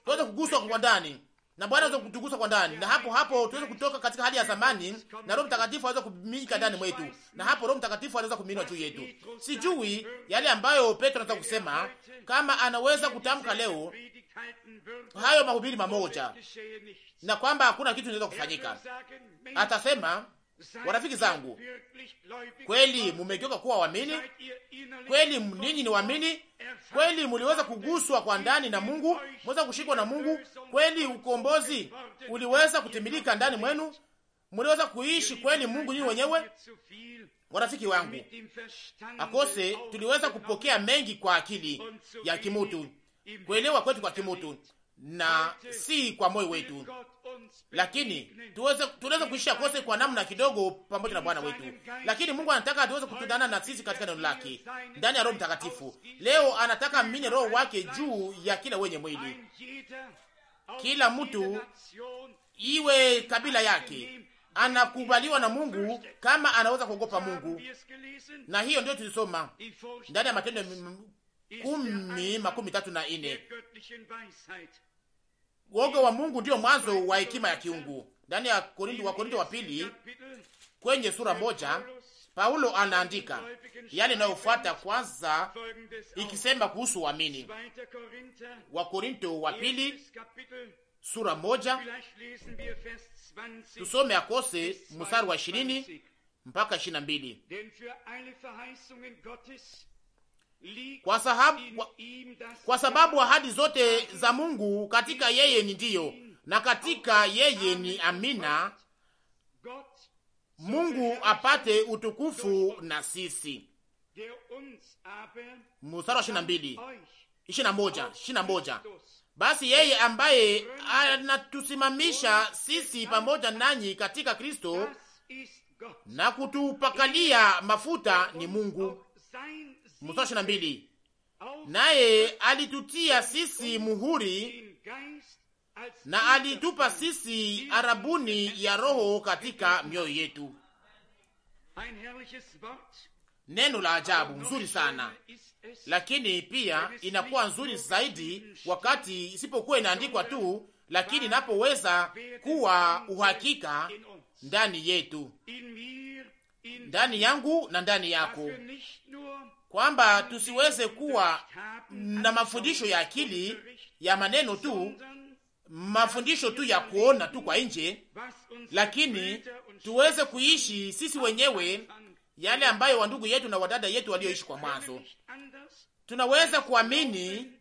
tuweze kuguswa kwa ndani na Bwana aweze kutugusa kwa ndani, na hapo hapo tuweze kutoka katika hali ya zamani, na Roho Mtakatifu aweze kumika ndani mwetu, na hapo Roho Mtakatifu anaweza kuminwa juu yetu. Sijui yale ambayo Petro anaweza kusema, kama anaweza kutamka leo hayo mahubiri mamoja, na kwamba hakuna kitu inaweza kufanyika, atasema Warafiki zangu, kweli mumegeuka kuwa waamini kweli, ninyi ni waamini kweli, muliweza kuguswa kwa ndani na Mungu, mweza kushikwa na Mungu kweli, ukombozi uliweza kutimilika ndani mwenu, muliweza kuishi kweli Mungu nyinyi wenyewe. Warafiki wangu, akose tuliweza kupokea mengi kwa akili ya kimutu, kuelewa kwetu kwa kimutu, na si kwa moyo wetu, lakini tunaweza kuisha kose kwa namna kidogo pamoja na Bwana wetu. Lakini Mungu anataka tuweze kutudana na sisi katika neno lake ndani ya Roho Mtakatifu. Leo anataka mmine Roho wake juu ya kila wenye mwili, kila mtu iwe kabila yake anakubaliwa na Mungu kama anaweza kuogopa Mungu, na hiyo ndio tulisoma ndani ya Matendo kumi makumi tatu na ine. Woga wa Mungu ndiyo mwanzo wa hekima ya kiungu. Ndani ya Korinto wa Korinto wa pili kwenye sura moja Paulo anaandika yale inayofuata kwanza, ikisema kuhusu waamini wa Korinto wa pili sura moja tusome akose mstari wa ishirini mpaka ishirini na mbili kwa sababu, kwa, kwa sababu ahadi zote za Mungu katika yeye ni ndiyo na katika yeye ni amina, Mungu apate utukufu na sisi. Mstari wa ishirini na mbili, ishirini na moja, ishirini na moja. Basi yeye ambaye anatusimamisha sisi pamoja nanyi katika Kristo na kutupakalia mafuta ni Mungu mstari ishirini mbili naye alitutia sisi muhuri na alitupa sisi arabuni ya Roho katika mioyo yetu. Neno la ajabu nzuri sana, lakini pia inakuwa nzuri zaidi wakati isipokuwa inaandikwa tu, lakini inapoweza kuwa uhakika ndani yetu, ndani yangu na ndani yako, kwamba tusiweze kuwa na mafundisho ya akili ya maneno tu, mafundisho tu ya kuona tu kwa nje, lakini tuweze kuishi sisi wenyewe yale ambayo wandugu yetu na wadada yetu walioishi kwa mwanzo. Tunaweza kuamini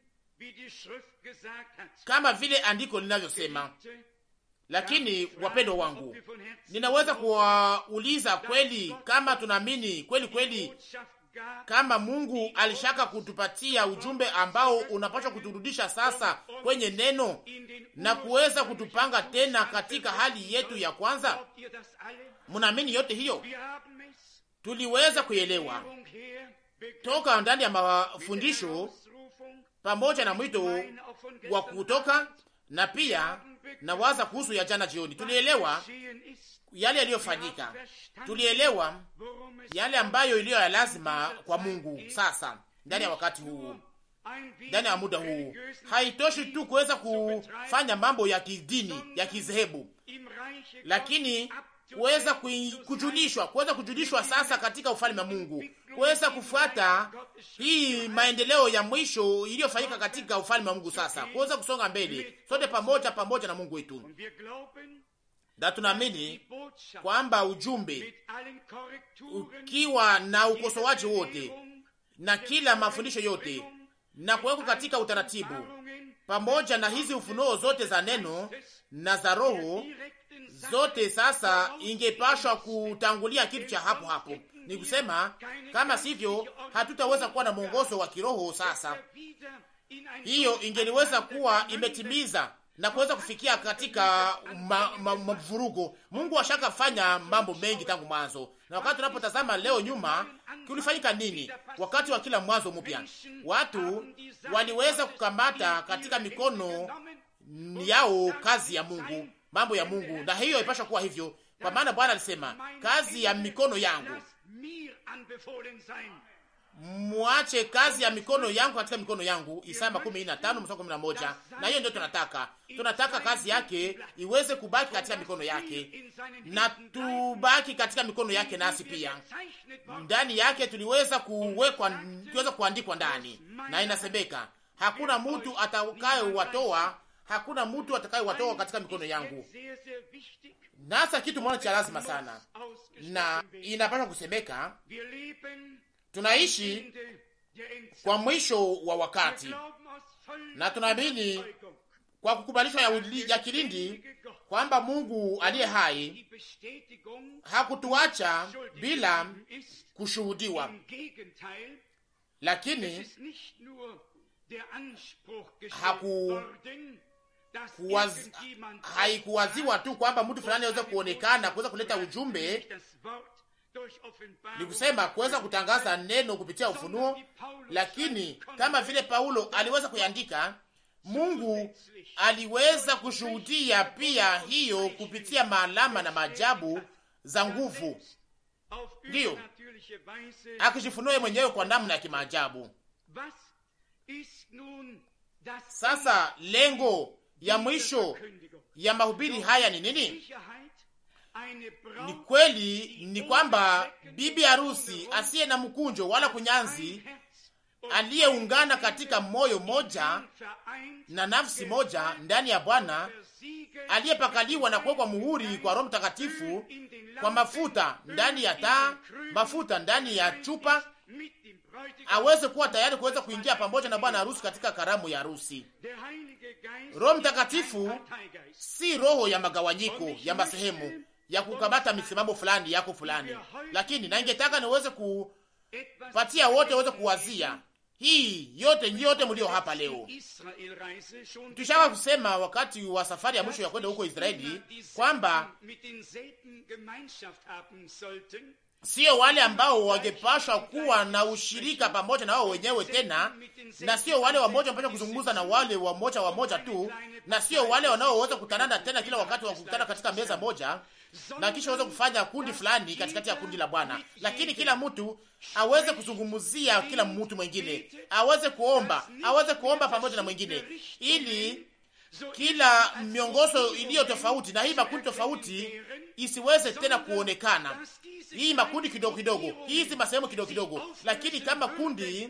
kama vile andiko linavyosema. Lakini wapendwa wangu, ninaweza kuwauliza kweli, kama tunaamini kweli kweli kama Mungu alishaka kutupatia ujumbe ambao unapaswa kuturudisha sasa kwenye neno na kuweza kutupanga tena katika hali yetu ya kwanza. Mnaamini yote hiyo? Tuliweza kuelewa toka ndani ya mafundisho pamoja na mwito wa kutoka na pia na waza kuhusu ya jana jioni, tulielewa yale yaliyofanyika, tulielewa yale ambayo iliyo ya lazima kwa Mungu sasa ndani ya wakati huu ndani ya muda huu. Haitoshi tu kuweza kufanya mambo ya kidini ya kizehebu, lakini kuweza kujulishwa, kuweza kujulishwa sasa katika ufalme wa Mungu, kuweza kufuata hii maendeleo ya mwisho iliyofanyika katika ufalme wa Mungu sasa, kuweza kusonga mbele sote pamoja, pamoja na Mungu wetu, na tunaamini kwamba ujumbe ukiwa na ukosoaji wote na kila mafundisho yote na kuwekwa katika utaratibu pamoja na hizi ufunuo zote za neno na za roho zote, sasa ingepashwa kutangulia kitu cha hapo hapo, ni kusema kama sivyo, hatutaweza kuwa na mwongozo wa kiroho. Sasa hiyo ingeliweza kuwa imetimiza na kuweza kufikia katika mavurugo ma, ma, Mungu ashakafanya fanya mambo mengi tangu mwanzo. Na wakati tunapotazama leo nyuma, kulifanyika nini wakati wa kila mwanzo mpya? Watu waliweza kukamata katika mikono yao kazi ya Mungu, mambo ya Mungu, na hiyo ipasha kuwa hivyo, kwa maana Bwana alisema kazi ya mikono yangu mwache kazi ya mikono yangu katika mikono yangu. Isaya makumi ine na tano mstari kumi na moja. Na hiyo ndio tunataka, tunataka kazi yake iweze kubaki katika mikono yake na tubaki katika mikono yake, nasi pia ndani yake tuliweza kuwekwa, tuweza kuandikwa ndani, na inasemeka hakuna mtu watoa, hakuna mtu watoa katika mikono yangu. Nasa kitu mwana cha lazima sana na inapaswa kusemeka tunaishi kwa mwisho wa wakati, na tunaamini kwa kukubalishwa ya, ya kilindi kwamba Mungu aliye hai hakutuacha bila kushuhudiwa, lakini haku haikuwaziwa tu kwamba mtu fulani aweze kuonekana kuweza kuleta ujumbe ni kusema kuweza kutangaza neno kupitia ufunuo, lakini kama vile Paulo aliweza kuiandika, Mungu aliweza kushuhudia pia hiyo kupitia maalama na maajabu za nguvu, ndiyo akijifunua mwenyewe kwa namna ya kimaajabu. Sasa lengo ya mwisho ya mahubiri haya ni nini? Ni kweli ni kwamba bibi harusi asiye na mkunjo wala kunyanzi, aliyeungana katika moyo moja na nafsi moja ndani ya Bwana, aliyepakaliwa na kuwekwa muhuri kwa Roho Mtakatifu kwa mafuta ndani ya taa, mafuta ndani ya chupa, aweze kuwa tayari kuweza kuingia pamoja na bwana harusi katika karamu ya harusi. Roho Mtakatifu si roho ya magawanyiko ya masehemu ya kukamata misimamo fulani yako fulani, lakini na ingetaka niweze kupatia wote waweze kuwazia hii yote nyote mlio hapa leo. Tushaka kusema wakati wa safari ya mwisho ya kwenda huko Israeli kwamba sio wale ambao wangepashwa kuwa na ushirika pamoja na wao wenyewe tena, na sio wale wamoja wanapaswa kuzungumza na wale wamoja wamoja tu, na sio wale wanaoweza kutanana tena kila wakati wa kukutana katika meza moja, na kisha aweze kufanya kundi fulani katikati ya kundi la Bwana, lakini kila mtu aweze kuzungumzia kila mtu mwingine, aweze kuomba, aweze kuomba pamoja na mwingine, ili kila miongozo iliyo tofauti na hii makundi tofauti isiweze tena kuonekana, hii makundi kidogo kidogo, hizi masehemu kidogo kidogo, lakini kama kundi,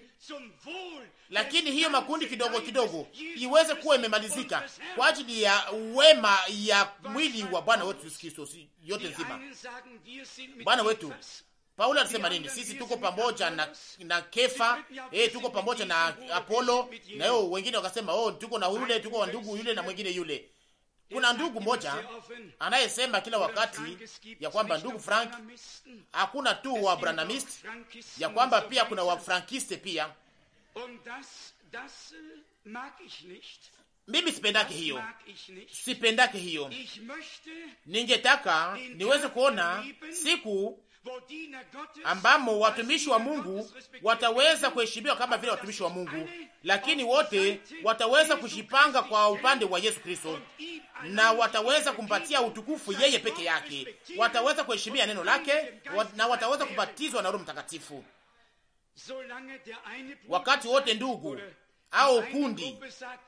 lakini hiyo makundi kidogo kidogo iweze kuwa imemalizika kwa ajili ya wema ya mwili wa Bwana wetu Yesu Kristo yote nzima. Bwana wetu Paulo alisema nini? Sisi tuko pamoja na, na Kefa eh, tuko pamoja na Apollo na yo wengine wakasema oh, tuko na yule, tuko na ndugu yule na mwingine yule kuna ndugu moja anayesema kila wakati ya kwamba ndugu Frank hakuna tu wa Branamist, ya kwamba pia kuna wa Frankiste pia. Mimi sipendake hiyo, sipendake hiyo. Ningetaka niweze kuona siku ambamo watumishi wa Mungu wataweza kuheshimiwa kama vile watumishi wa Mungu, lakini wote wataweza kujipanga kwa upande wa Yesu Kristo na wataweza kumpatia utukufu yeye peke yake, wataweza kuheshimia neno lake na wataweza kubatizwa na Roho Mtakatifu wakati wote, ndugu au kundi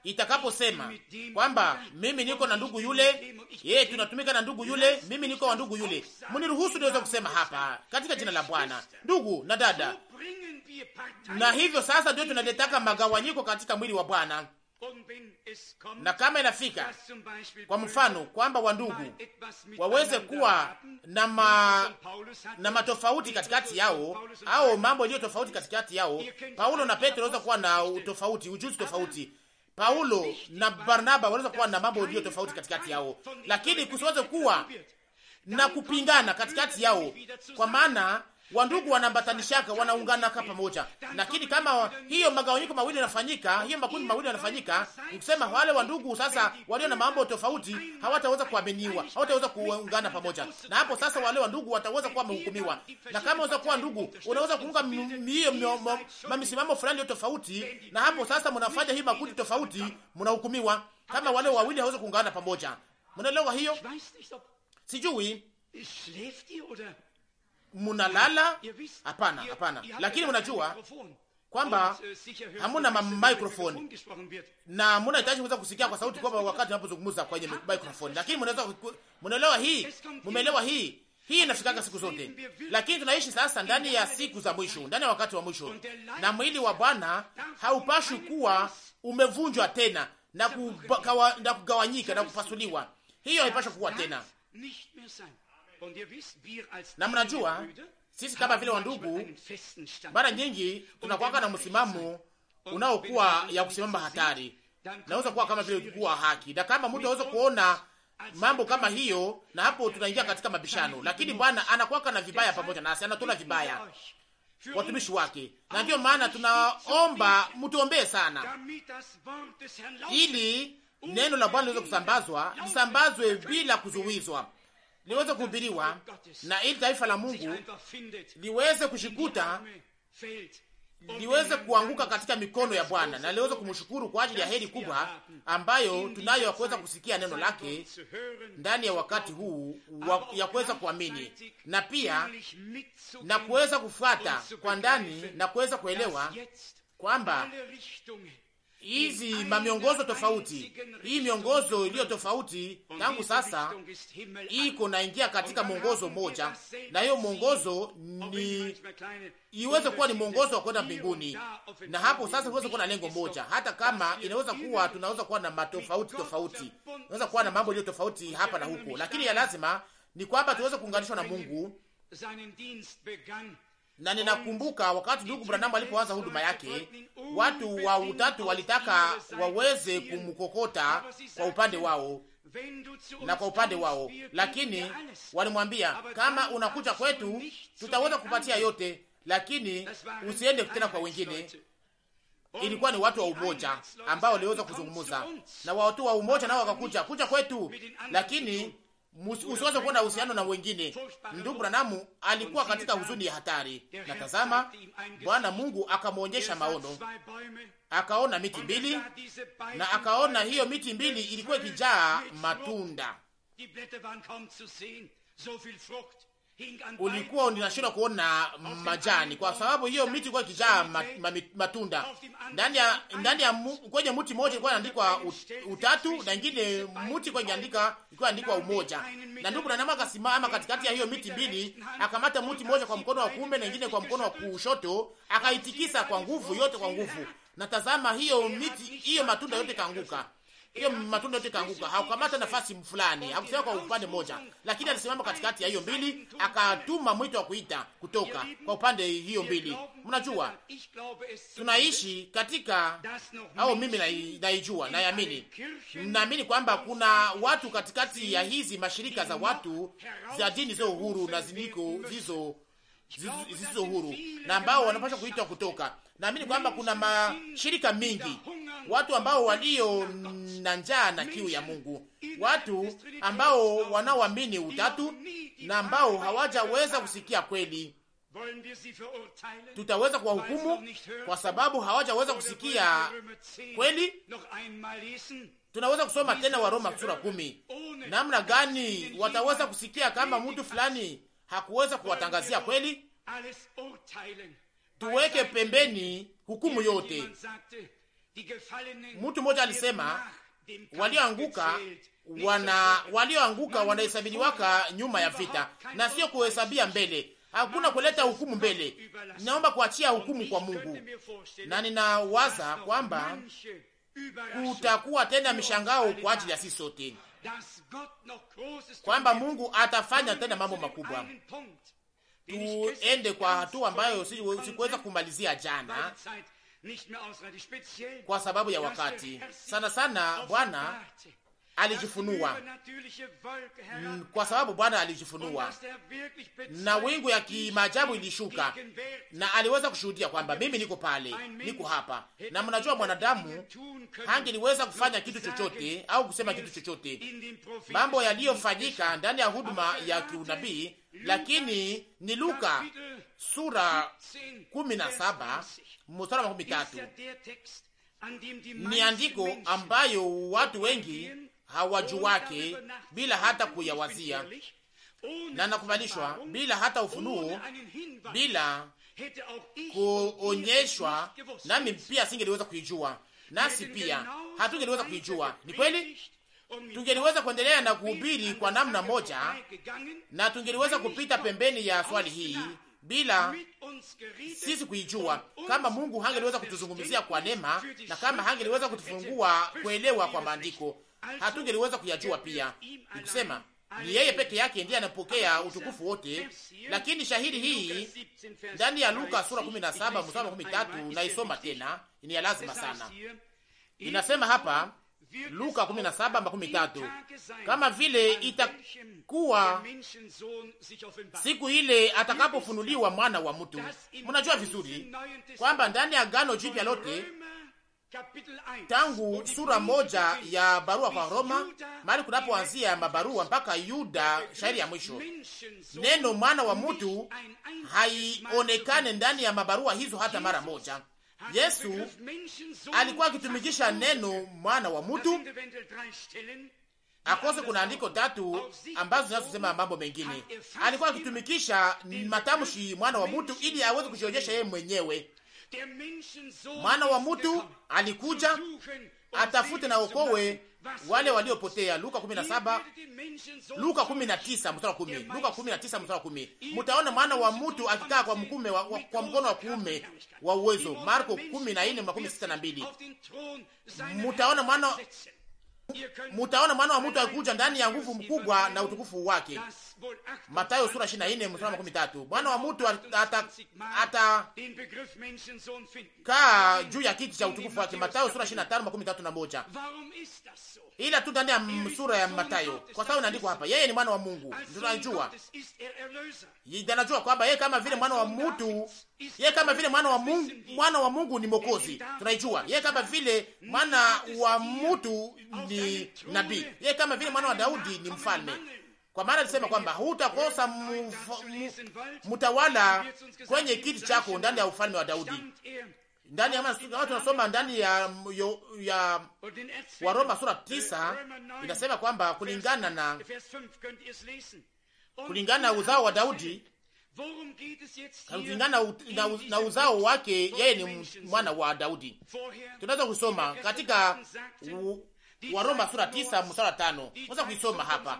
itakaposema kwamba mimi niko na ndugu yule, ye, tunatumika na ndugu yule, mimi niko na ndugu yule, mniruhusu niweze kusema hapa katika jina la Bwana, ndugu na dada. Na hivyo sasa ndio tunaletaka magawanyiko katika mwili wa Bwana na kama inafika kwa mfano kwamba wandugu waweze kuwa na, ma, na matofauti katikati yao au mambo yaliyo tofauti katikati yao, Paulo na Petro waweza kuwa na utofauti, ujuzi tofauti. Paulo na Barnaba wanaweza kuwa na mambo yaliyo tofauti katikati yao, lakini kusiweze kuwa na kupingana katikati yao, kwa maana wandugu wanambatanishaka, wanaunganaka pamoja. Lakini kama hiyo magawanyiko mawili yanafanyika, hiyo makundi mawili yanafanyika, nikusema wale wandugu sasa walio na mambo tofauti hawataweza kuaminiwa, hawataweza kuungana pamoja, na hapo sasa wale wandugu wataweza kuwa wamehukumiwa. Na kama unaweza kuwa ndugu, unaweza kuunga hiyo mamisimamo fulani tofauti, na hapo sasa mnafanya hii makundi tofauti, mnahukumiwa kama wale wawili hawezi kuungana pamoja. Mnaelewa hiyo? Sijui munalala? Hapana, hapana. Lakini munajua kwamba äh, hamuna mamikrofoni na muna hitaji kuweza kusikia kwa sauti kwamba wakati unapozungumza kwenye mikrofoni, lakini mnaweza hii, mumeelewa hii. Hii inafikaga siku zote, lakini tunaishi sasa ndani ya siku za mwisho, ndani ya wakati wa mwisho, na mwili wa Bwana haupashwi kuwa umevunjwa tena na kugawanyika na kupasuliwa. Hiyo haipashwi kuwa tena na mnajua sisi kama vile wandugu, mara nyingi tunakwanga na msimamo unaokuwa ya kusimama hatari, naweza kuwa kama vile kuwa haki, na kama mtu aweze kuona mambo kama hiyo, na hapo tunaingia katika mabishano. Lakini Bwana anakuwaka na vibaya pamoja nasi, anatuna vibaya watumishi wake, na ndiyo maana tunaomba mtuombee sana, ili neno la Bwana liweze kusambazwa, lisambazwe bila kuzuizwa liweze kuhubiriwa na ili taifa la Mungu liweze kushikuta liweze kuanguka katika mikono ya Bwana na liweze kumshukuru kwa ajili ya heri kubwa ambayo tunayo ya kuweza kusikia neno lake ndani ya wakati huu wa, ya kuweza kuamini na pia na kuweza kufuata kwa ndani na kuweza kuelewa kwamba hizi mamiongozo tofauti, hii miongozo iliyo tofauti tangu sasa iko naingia katika mwongozo moja, na hiyo mwongozo ni iweze kuwa ni mwongozo wa kwenda mbinguni, na hapo sasa iweze kuwa na lengo moja, hata kama inaweza kuwa tunaweza kuwa na matofauti tofauti, tunaweza kuwa na mambo iliyo tofauti hapa na huko, lakini ya lazima ni kwamba tuweze kuunganishwa na Mungu na ninakumbuka wakati ndugu Branham alipoanza huduma yake, watu wa utatu walitaka waweze kumkokota kwa upande wao na kwa upande wao, lakini walimwambia kama unakuja kwetu tutaweza kupatia yote, lakini usiende tena kwa wengine. Ilikuwa ni watu wa umoja ambao waliweza kuzungumza na watu wa umoja, nao wakakuja kuja kwetu, lakini usiweze kuwa na uhusiano na wengine. Ndugu Branamu alikuwa katika huzuni ya hatari, na tazama, Bwana Mungu akamwonyesha maono, akaona miti mbili, na akaona hiyo miti mbili ilikuwa ikijaa matunda ulikuwa unashindwa kuona majani, kwa sababu hiyo miti ilikuwa ikijaa matunda. Ndani ya ndani ya kwenye mti mmoja ilikuwa inaandikwa utatu na ingine mti kwa inaandika ilikuwa inaandikwa umoja. Na ndugu na namaka simama katikati ya hiyo miti mbili, akamata mti mmoja kwa mkono wa kuume na ingine kwa mkono wa kushoto, akaitikisa kwa nguvu yote, kwa nguvu. Na tazama hiyo miti hiyo matunda yote kaanguka hiyo matunda yote kaanguka, Haukamata nafasi fulani, hakusema kwa upande moja, lakini alisimama katikati ya hiyo mbili, akatuma mwito wa kuita kutoka kwa upande hiyo mbili. Mnajua tunaishi katika au, mimi naijua, naamini naamini kwamba kuna watu katikati ya hizi mashirika za watu za dini zo uhuru na ziniko zizo zisizo huru na ambao wanapaswa kuitwa kutoka. Naamini kwamba kuna mashirika mingi, watu ambao walio na njaa na kiu ya Mungu, watu ambao wanaoamini utatu na ambao hawajaweza kusikia kweli. Tutaweza kuwahukumu kwa sababu hawajaweza kusikia kweli? Tunaweza kusoma tena Waroma sura kumi, namna gani wataweza kusikia kama mtu fulani hakuweza kuwatangazia kweli. Tuweke pembeni hukumu yote. Mtu mmoja alisema walioanguka wana walioanguka wanahesabiliwaka nyuma ya vita na sio kuhesabia mbele. Hakuna kuleta hukumu mbele. Ninaomba kuachia hukumu kwa Mungu, na ninawaza kwamba kutakuwa tena mishangao kwa ajili ya sisi sote kwamba Mungu atafanya tena mambo makubwa. Tuende kwa hatua ambayo sikuweza kumalizia jana kwa sababu ya wakati. Sana sana Bwana alijifunua, mm, kwa sababu Bwana alijifunua na wingu ya kimaajabu ilishuka, na aliweza kushuhudia kwamba mimi niko pale, niko hapa. Na mnajua mwanadamu hangeliweza kufanya kitu chochote er au kusema kitu chochote, mambo yaliyofanyika ndani ya huduma ya kiunabii. Lakini ni Luka sura 17 mstari wa 13 ni andiko ambayo watu wengi hawaju wake bila hata kuyawazia na nakubalishwa bila hata ufunuo, bila kuonyeshwa, nami pia singeliweza kuijua, nasi pia hatungeliweza kuijua. Ni kweli, tungeliweza kuendelea na kuhubiri kwa namna moja, na tungeliweza kupita pembeni ya swali hii bila sisi kuijua, kama Mungu hangeliweza kutuzungumzia kwa neema na kama hangeliweza kutufungua kuelewa kwa maandiko hatungeliweza kuyajua pia. Nikusema ni yeye peke yake ndiye anapokea utukufu wote, lakini shahidi hii ndani ya Luka sura 17 mstari 13, naisoma tena, ni ya lazima sana. Inasema hapa Luka 17:13, kama vile itakuwa siku ile atakapofunuliwa mwana wa mtu. Mnajua vizuri kwamba ndani ya gano Jipya lote tangu sura moja ya barua kwa Roma mahali kunapoanzia mabarua mpaka Yuda, shairi ya mwisho, neno mwana wa mtu haionekane ndani ya mabarua hizo hata mara moja. Yesu alikuwa akitumikisha neno mwana wa mtu akose. Kuna andiko tatu ambazo zinazosema mambo mengine. Alikuwa akitumikisha matamshi mwana wa mtu ili aweze kujionyesha yeye mwenyewe Mwana wa mtu alikuja atafute na okowe wale waliopotea. Luka 17 Luka 19 mstari wa 10 Luka 19 mstari wa 10. Mtaona mwana wa mtu akikaa kwa mkume wa, wa, kwa mkono wa kuume wa uwezo Marko 14:62. Mtaona mwana mutaona mwana wa mtu akuja ndani ya nguvu mkubwa na utukufu wake. Matayo sura 24 mstari wa 13. Mwana wa mtu atakaa juu ya kiti cha utukufu wake. Matayo sura 25 mstari wa na ila tu ndani ya sura ya Mathayo, kwa sababu inaandikwa hapa, yeye ni mwana wa Mungu. Tunajua anajua kwamba yeye kama vile mwana wa mtu, yeye kama vile mwana wa Mungu, mwana wa Mungu ni mokozi Tunaijua yeye kama vile mwana wa mtu ni nabii, yeye kama vile mwana wa Daudi ni mfalme. Kwa maana alisema kwamba hutakosa mtawala kwenye kiti chako ndani ya ufalme wa Daudi ndani ya watu wanasoma ndani ya, yo, ya Roma sura tisa inasema kwamba kulingana na kulingana na uzao wa Daudi kulingana na, na uzao wake yeye ni mwana wa Daudi. Tunaweza kusoma katika u, wa Roma sura tisa mstari wa tano unaweza kuisoma hapa,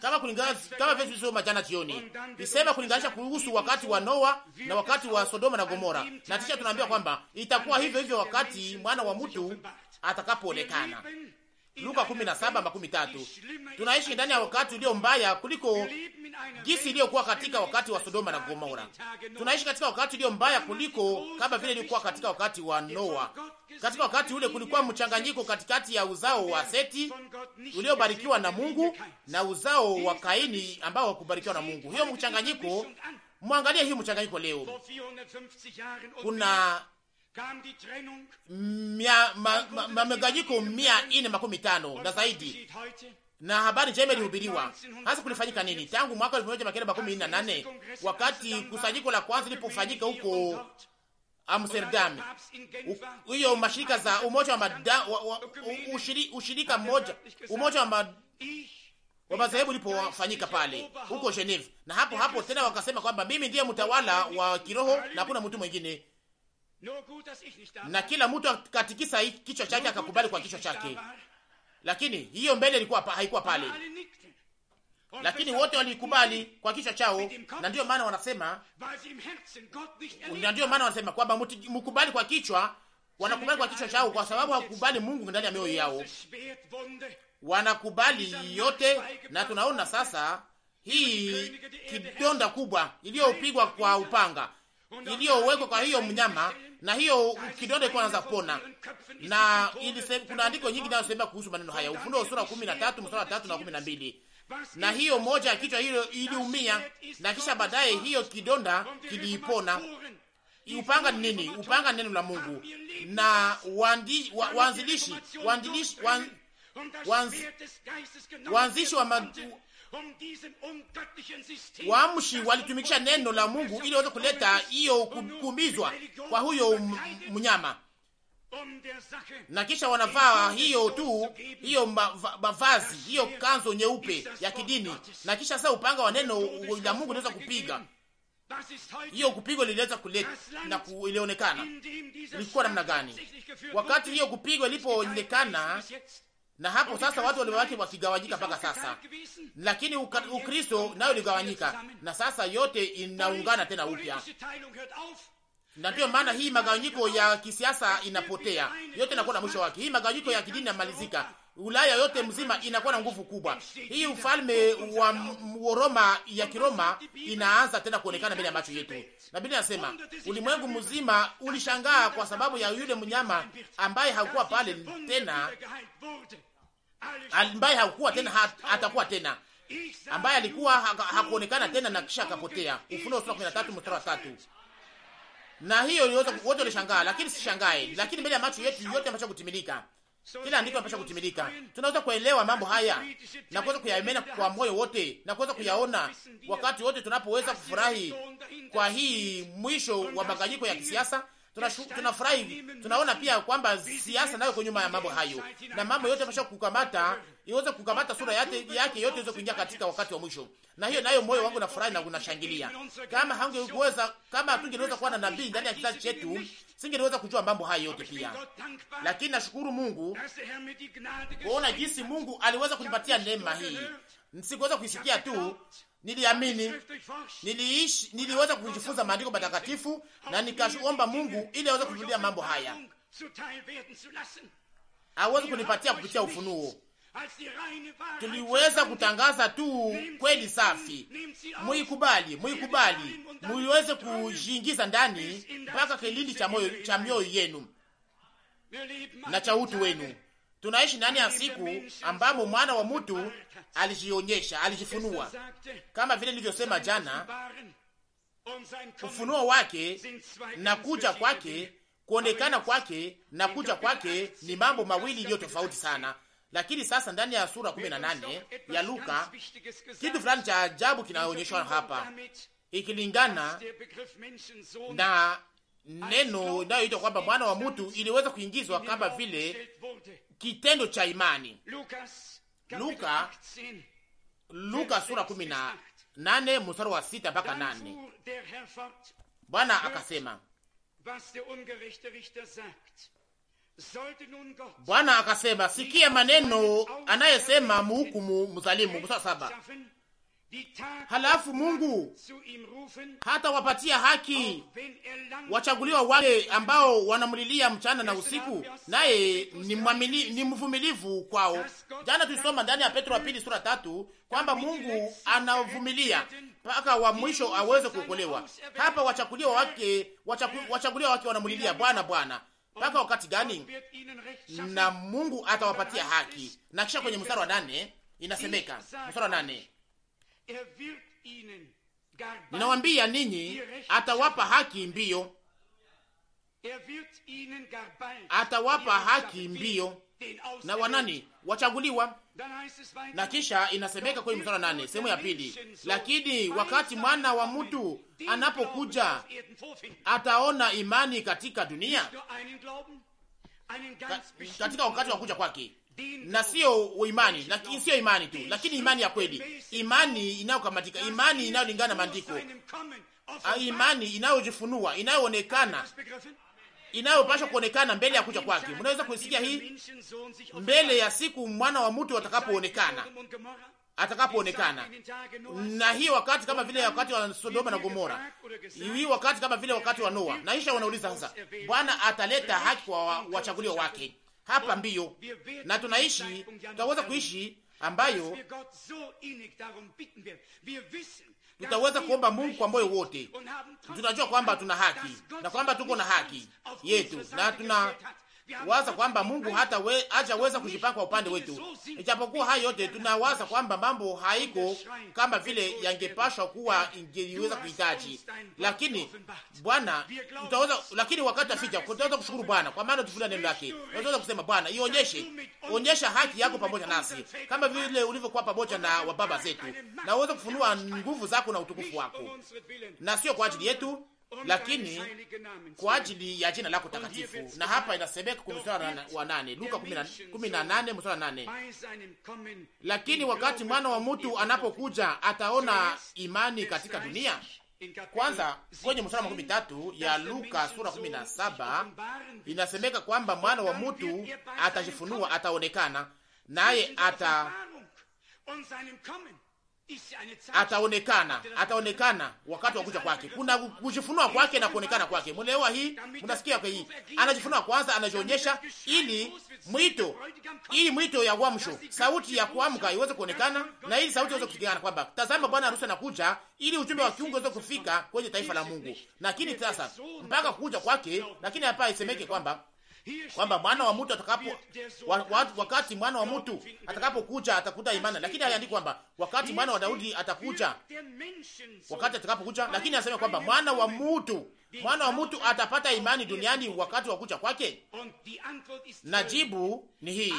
kama kulingana kama vile tulisoma jana jioni, isema kulinganisha kuhusu wakati wa Noa na wakati wa Sodoma na Gomora, na kisha tunaambiwa kwamba itakuwa hivyo hivyo wakati mwana wa mtu atakapoonekana. Luka 17:13. Tunaishi ndani ya wakati ulio mbaya kuliko jinsi iliyokuwa katika wakati wa Sodoma na Gomora. Tunaishi katika wakati ulio mbaya kuliko kama vile ilikuwa katika wakati wa Noa. Katika wakati ule kulikuwa mchanganyiko katikati ya uzao wa Seti uliobarikiwa na Mungu na uzao wa Kaini ambao hakubarikiwa na Mungu. Hiyo mchanganyiko, mwangalie hiyo mchanganyiko leo. Kuna mameganyiko mia ine makumi tano na zaidi, na habari njema ilihubiriwa. Hasa kulifanyika nini tangu mwaka elfu moja makenda makumi na nane wakati kusanyiko la kwanza lilipofanyika huko Amsterdam, hiyo mashirika za umoja wa mada, wa, wa, ushiri, ushirika er mmoja umoja wa mad wa madhehebu ulipofanyika pale huko Geneva, na hapo hapo tena wakasema kwamba mimi ndiye mtawala wa kiroho na hakuna mtu mwingine na kila mtu akatikisa kichwa chake akakubali kwa kichwa chake, lakini hiyo mbele ilikuwa haikuwa pale, lakini wote walikubali kwa kichwa chao, na ndio maana wanasema, na maana wanasema kwamba mkubali kwa kichwa. Wanakubali kwa kichwa chao kwa sababu hawakubali Mungu ndani ya mioyo yao, wanakubali yote, na tunaona sasa hii kidonda kubwa iliyopigwa kwa upanga iliyowekwa kwa hiyo mnyama na hiyo kidonda kwanza pona. Na ilisema kuna andiko nyingi inayosema kuhusu maneno haya, Ufunuo sura 13 mstari wa 3 na 12. Na hiyo moja ya kichwa hilo iliumia, na kisha baadaye hiyo kidonda kiliipona. Upanga ni nini? Upanga neno la Mungu na waanzilishi wa, wanzilishi, wanzilishi, wan, wanz, wanzishi wa Waamshi walitumikisha neno la Mungu ili waweze kuleta hiyo kuumizwa kwa huyo mnyama, na kisha wanavaa hiyo tu hiyo mavazi hiyo kanzo nyeupe ya kidini, na kisha sasa upanga wa neno la Mungu unaweza kupiga hiyo kupigwa liliweza kuleta na ku, ilionekana ilikuwa namna gani? Wakati hiyo kupigwa ilipoonekana na hapo sasa watu waliowake wakigawanyika mpaka sasa, lakini Ukristo nayo iligawanyika na sasa yote inaungana tena upya, na ndiyo maana hii magawanyiko ya kisiasa inapotea, yote inakuwa na mwisho wake. Hii magawanyiko ya kidini yamalizika, Ulaya yote mzima inakuwa na nguvu kubwa. Hii ufalme wa Roma ya Kiroma inaanza tena kuonekana mbele ya macho yetu. Na Biblia inasema ulimwengu mzima ulishangaa kwa sababu ya yule mnyama ambaye hakuwa pale tena, ambaye hakuwa tena, hatakuwa tena, ambaye alikuwa hakuonekana tena na kisha akapotea. Ufunuo sura tatu mstari wa tatu. Na hiyo wote walishangaa, lakini sishangae, lakini mbele ya macho yetu yote ambacho kutimilika kila andiko inapaswa kutimilika. Tunaweza kuelewa mambo haya na kuweza kuyaemena kwa moyo wote na kuweza kuyaona wakati wote tunapoweza kufurahi kwa hii mwisho wa maganyiko ya kisiasa tunafurahi, tunaona pia kwamba siasa nayo kwa nyuma ya mambo hayo, na mambo yote yamesha kukamata, iweze kukamata sura yake yake yote iweze kuingia katika wakati wa mwisho, na hiyo nayo moyo wangu nafurahi na unashangilia. Kama hangeweza kama hatungeweza kuwa na nabii ndani ya kizazi chetu, singeweza kujua mambo hayo yote pia, lakini nashukuru Mungu kuona jinsi Mungu aliweza kunipatia neema hii, sikuweza kuisikia tu niliamini, niliishi, niliweza kujifunza maandiko matakatifu na nikaomba Mungu ili aweze kufunulia mambo haya, aweze kunipatia kupitia ufunuo. Tuliweza kutangaza tu kweli safi, muikubali, muikubali, muiweze kujiingiza ndani mpaka kilindi cha moyo cha mioyo yenu na cha utu wenu. Tunaishi ndani ya siku ambamo mwana wa mtu alijionyesha, alijifunua kama vile nilivyosema jana. Ufunuo wake na kuja kwake, kuonekana kwake na kuja kwake ni mambo mawili iliyo tofauti sana. Lakini sasa ndani ya sura 18 ya Luka kitu fulani cha ajabu kinaonyeshwa hapa, ikilingana na neno inayoitwa kwamba mwana wa mtu iliweza kuingizwa kama vile kitendo cha imani. Luka, Luka sura kumi na nane mstari wa sita mpaka nane. Bwana akasema Bwana akasema, sikia maneno anayesema muhukumu mzalimu. Mstari saba Halafu Mungu hata wapatia haki oh, wachaguliwa wale ambao wanamulilia mchana na usiku, naye ni mvumilivu kwao. Jana tulisoma ndani ya Petro wa pili sura tatu kwamba Mungu anavumilia mpaka wa mwisho aweze kuokolewa. Hapa wachaguliwa wake, wachaguliwa wake wanamulilia Bwana, Bwana mpaka wakati gani? Na Mungu atawapatia haki. Na kisha kwenye mstari wa nane inasemeka, mstari wa nane ninawambia ninyi, atawapa haki mbio, atawapa haki mbio na wanani wachaguliwa. Na kisha inasemeka kwenye mstari nane, sehemu ya pili, lakini wakati mwana wa mtu anapokuja ataona imani katika dunia Ka, katika wakati wa kuja kwake na sio imani, lakini sio imani tu, lakini imani ya kweli, imani inayokamatika, imani inayolingana na maandiko, ah, imani inayojifunua, inayoonekana, inayopashwa kuonekana mbele ya kuja kwake. Mnaweza kusikia hii mbele ya siku mwana wa mtu atakapoonekana, atakapoonekana. Na hii wakati kama vile wakati wa Sodoma na Gomora, hii wakati kama vile wakati wa Noa. Na wanauliza sasa, Bwana ataleta haki kwa wachaguliwa wake hapa mbio, na tunaishi tutaweza kuishi ambayo tutaweza kuomba Mungu kwa moyo wote. Tunajua kwamba tuna haki na kwamba tuko na haki yetu na tuna waza kwamba Mungu hata we, hajaweza kujipanga kwa upande wetu. Ijapokuwa hayo yote tunawaza kwamba mambo haiko kama vile yangepashwa kuwa ingeweza kuhitaji, lakini Bwana tutaweza, lakini wakati afika tutaweza kushukuru Bwana kwa maana tufulia neno lake. Tunaweza kusema Bwana, ionyeshe onyesha haki yako pamoja nasi kama vile ulivyokuwa pamoja na wababa zetu, na uweze kufunua nguvu zako na utukufu wako, na sio kwa ajili yetu lakini kwa ajili ya jina lako takatifu. Na hapa inasemeka kwa mstari wa nane, Luka 18 mstari wa nane, lakini wakati mwana wa mtu anapokuja ataona imani katika dunia. Kwanza kwenye mstari wa makumi tatu ya Luka sura 17 inasemeka kwamba mwana wa mtu atajifunua, ataonekana naye ata ataonekana, ataonekana wakati wa kuja kwake. Kuna kujifunua kwake na kuonekana kwake. Mnaelewa hii? Mnasikia kwa hii? Anajifunua kwanza, anajionyesha ili mwito, ili mwito ya uamsho, sauti ya kuamka iweze kuonekana na ili sauti iweze kufikana kwamba tazama, bwana harusi anakuja, ili ujumbe wa kiungu uweze kufika kwenye taifa la Mungu. Lakini sasa mpaka kuja kwake, lakini hapa isemeke kwamba kwamba mwana wa mtu atakapo wakati mwana wa mtu atakapokuja atakuta imani, lakini haiandiki kwamba wakati mwana wa Daudi atakuja, wakati atakapokuja, lakini anasema kwamba mwana wa mtu mwana wa mtu atapata imani duniani wakati wa kucha kwake. Na jibu ni hii,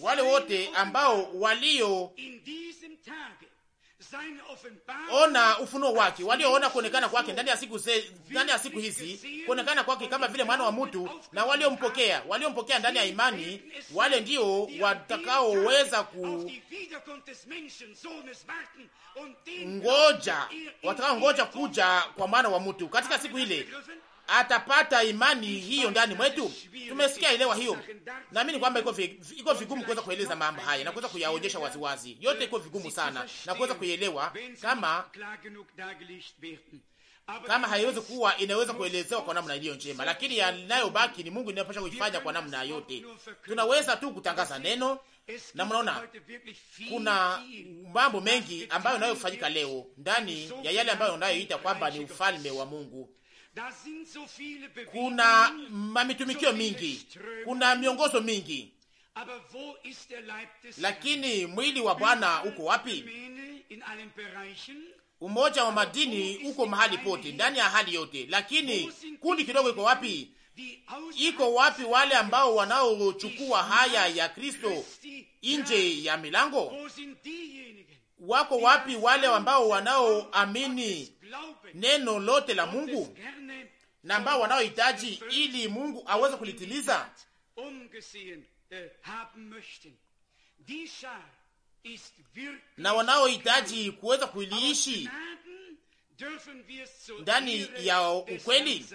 wale wote ambao walio ona ufunuo wake, walioona kuonekana kwake ndani ya siku ndani ya siku hizi kuonekana kwake kama vile mwana wa mtu, na waliompokea waliompokea ndani ya imani, wale ndio watakaoweza ku ngoja watakaongoja kuja kwa mwana wa mtu katika siku ile atapata imani hiyo ndani mwetu. Tumesikia elewa hiyo, naamini kwamba iko iko vigumu kuweza kueleza mambo haya na kuweza kuyaonyesha waziwazi, yote iko vigumu sana na kuweza kuielewa kama kama haiwezi kuwa inaweza kuelezewa kwa namna iliyo njema, lakini yanayobaki ni Mungu inayopasha kuifanya kwa namna yote. Tunaweza tu kutangaza neno, na mnaona kuna mambo mengi ambayo yanayofanyika leo ndani ya yale ambayo unayoita kwamba ni ufalme wa Mungu kuna mamitumikio mingi, kuna miongozo mingi, lakini mwili wa Bwana uko wapi? Umoja wa madini uko mahali pote, ndani ya hali yote, lakini kundi kidogo iko wapi? Iko wapi wale ambao wanaochukua haya ya Kristo nje ya milango? Wako wapi wale ambao wanaoamini neno lote la Mungu na ambao wanaohitaji ili Mungu aweze kulitimiza äh, na wanaohitaji kuweza kuliishi ndani ya ukweli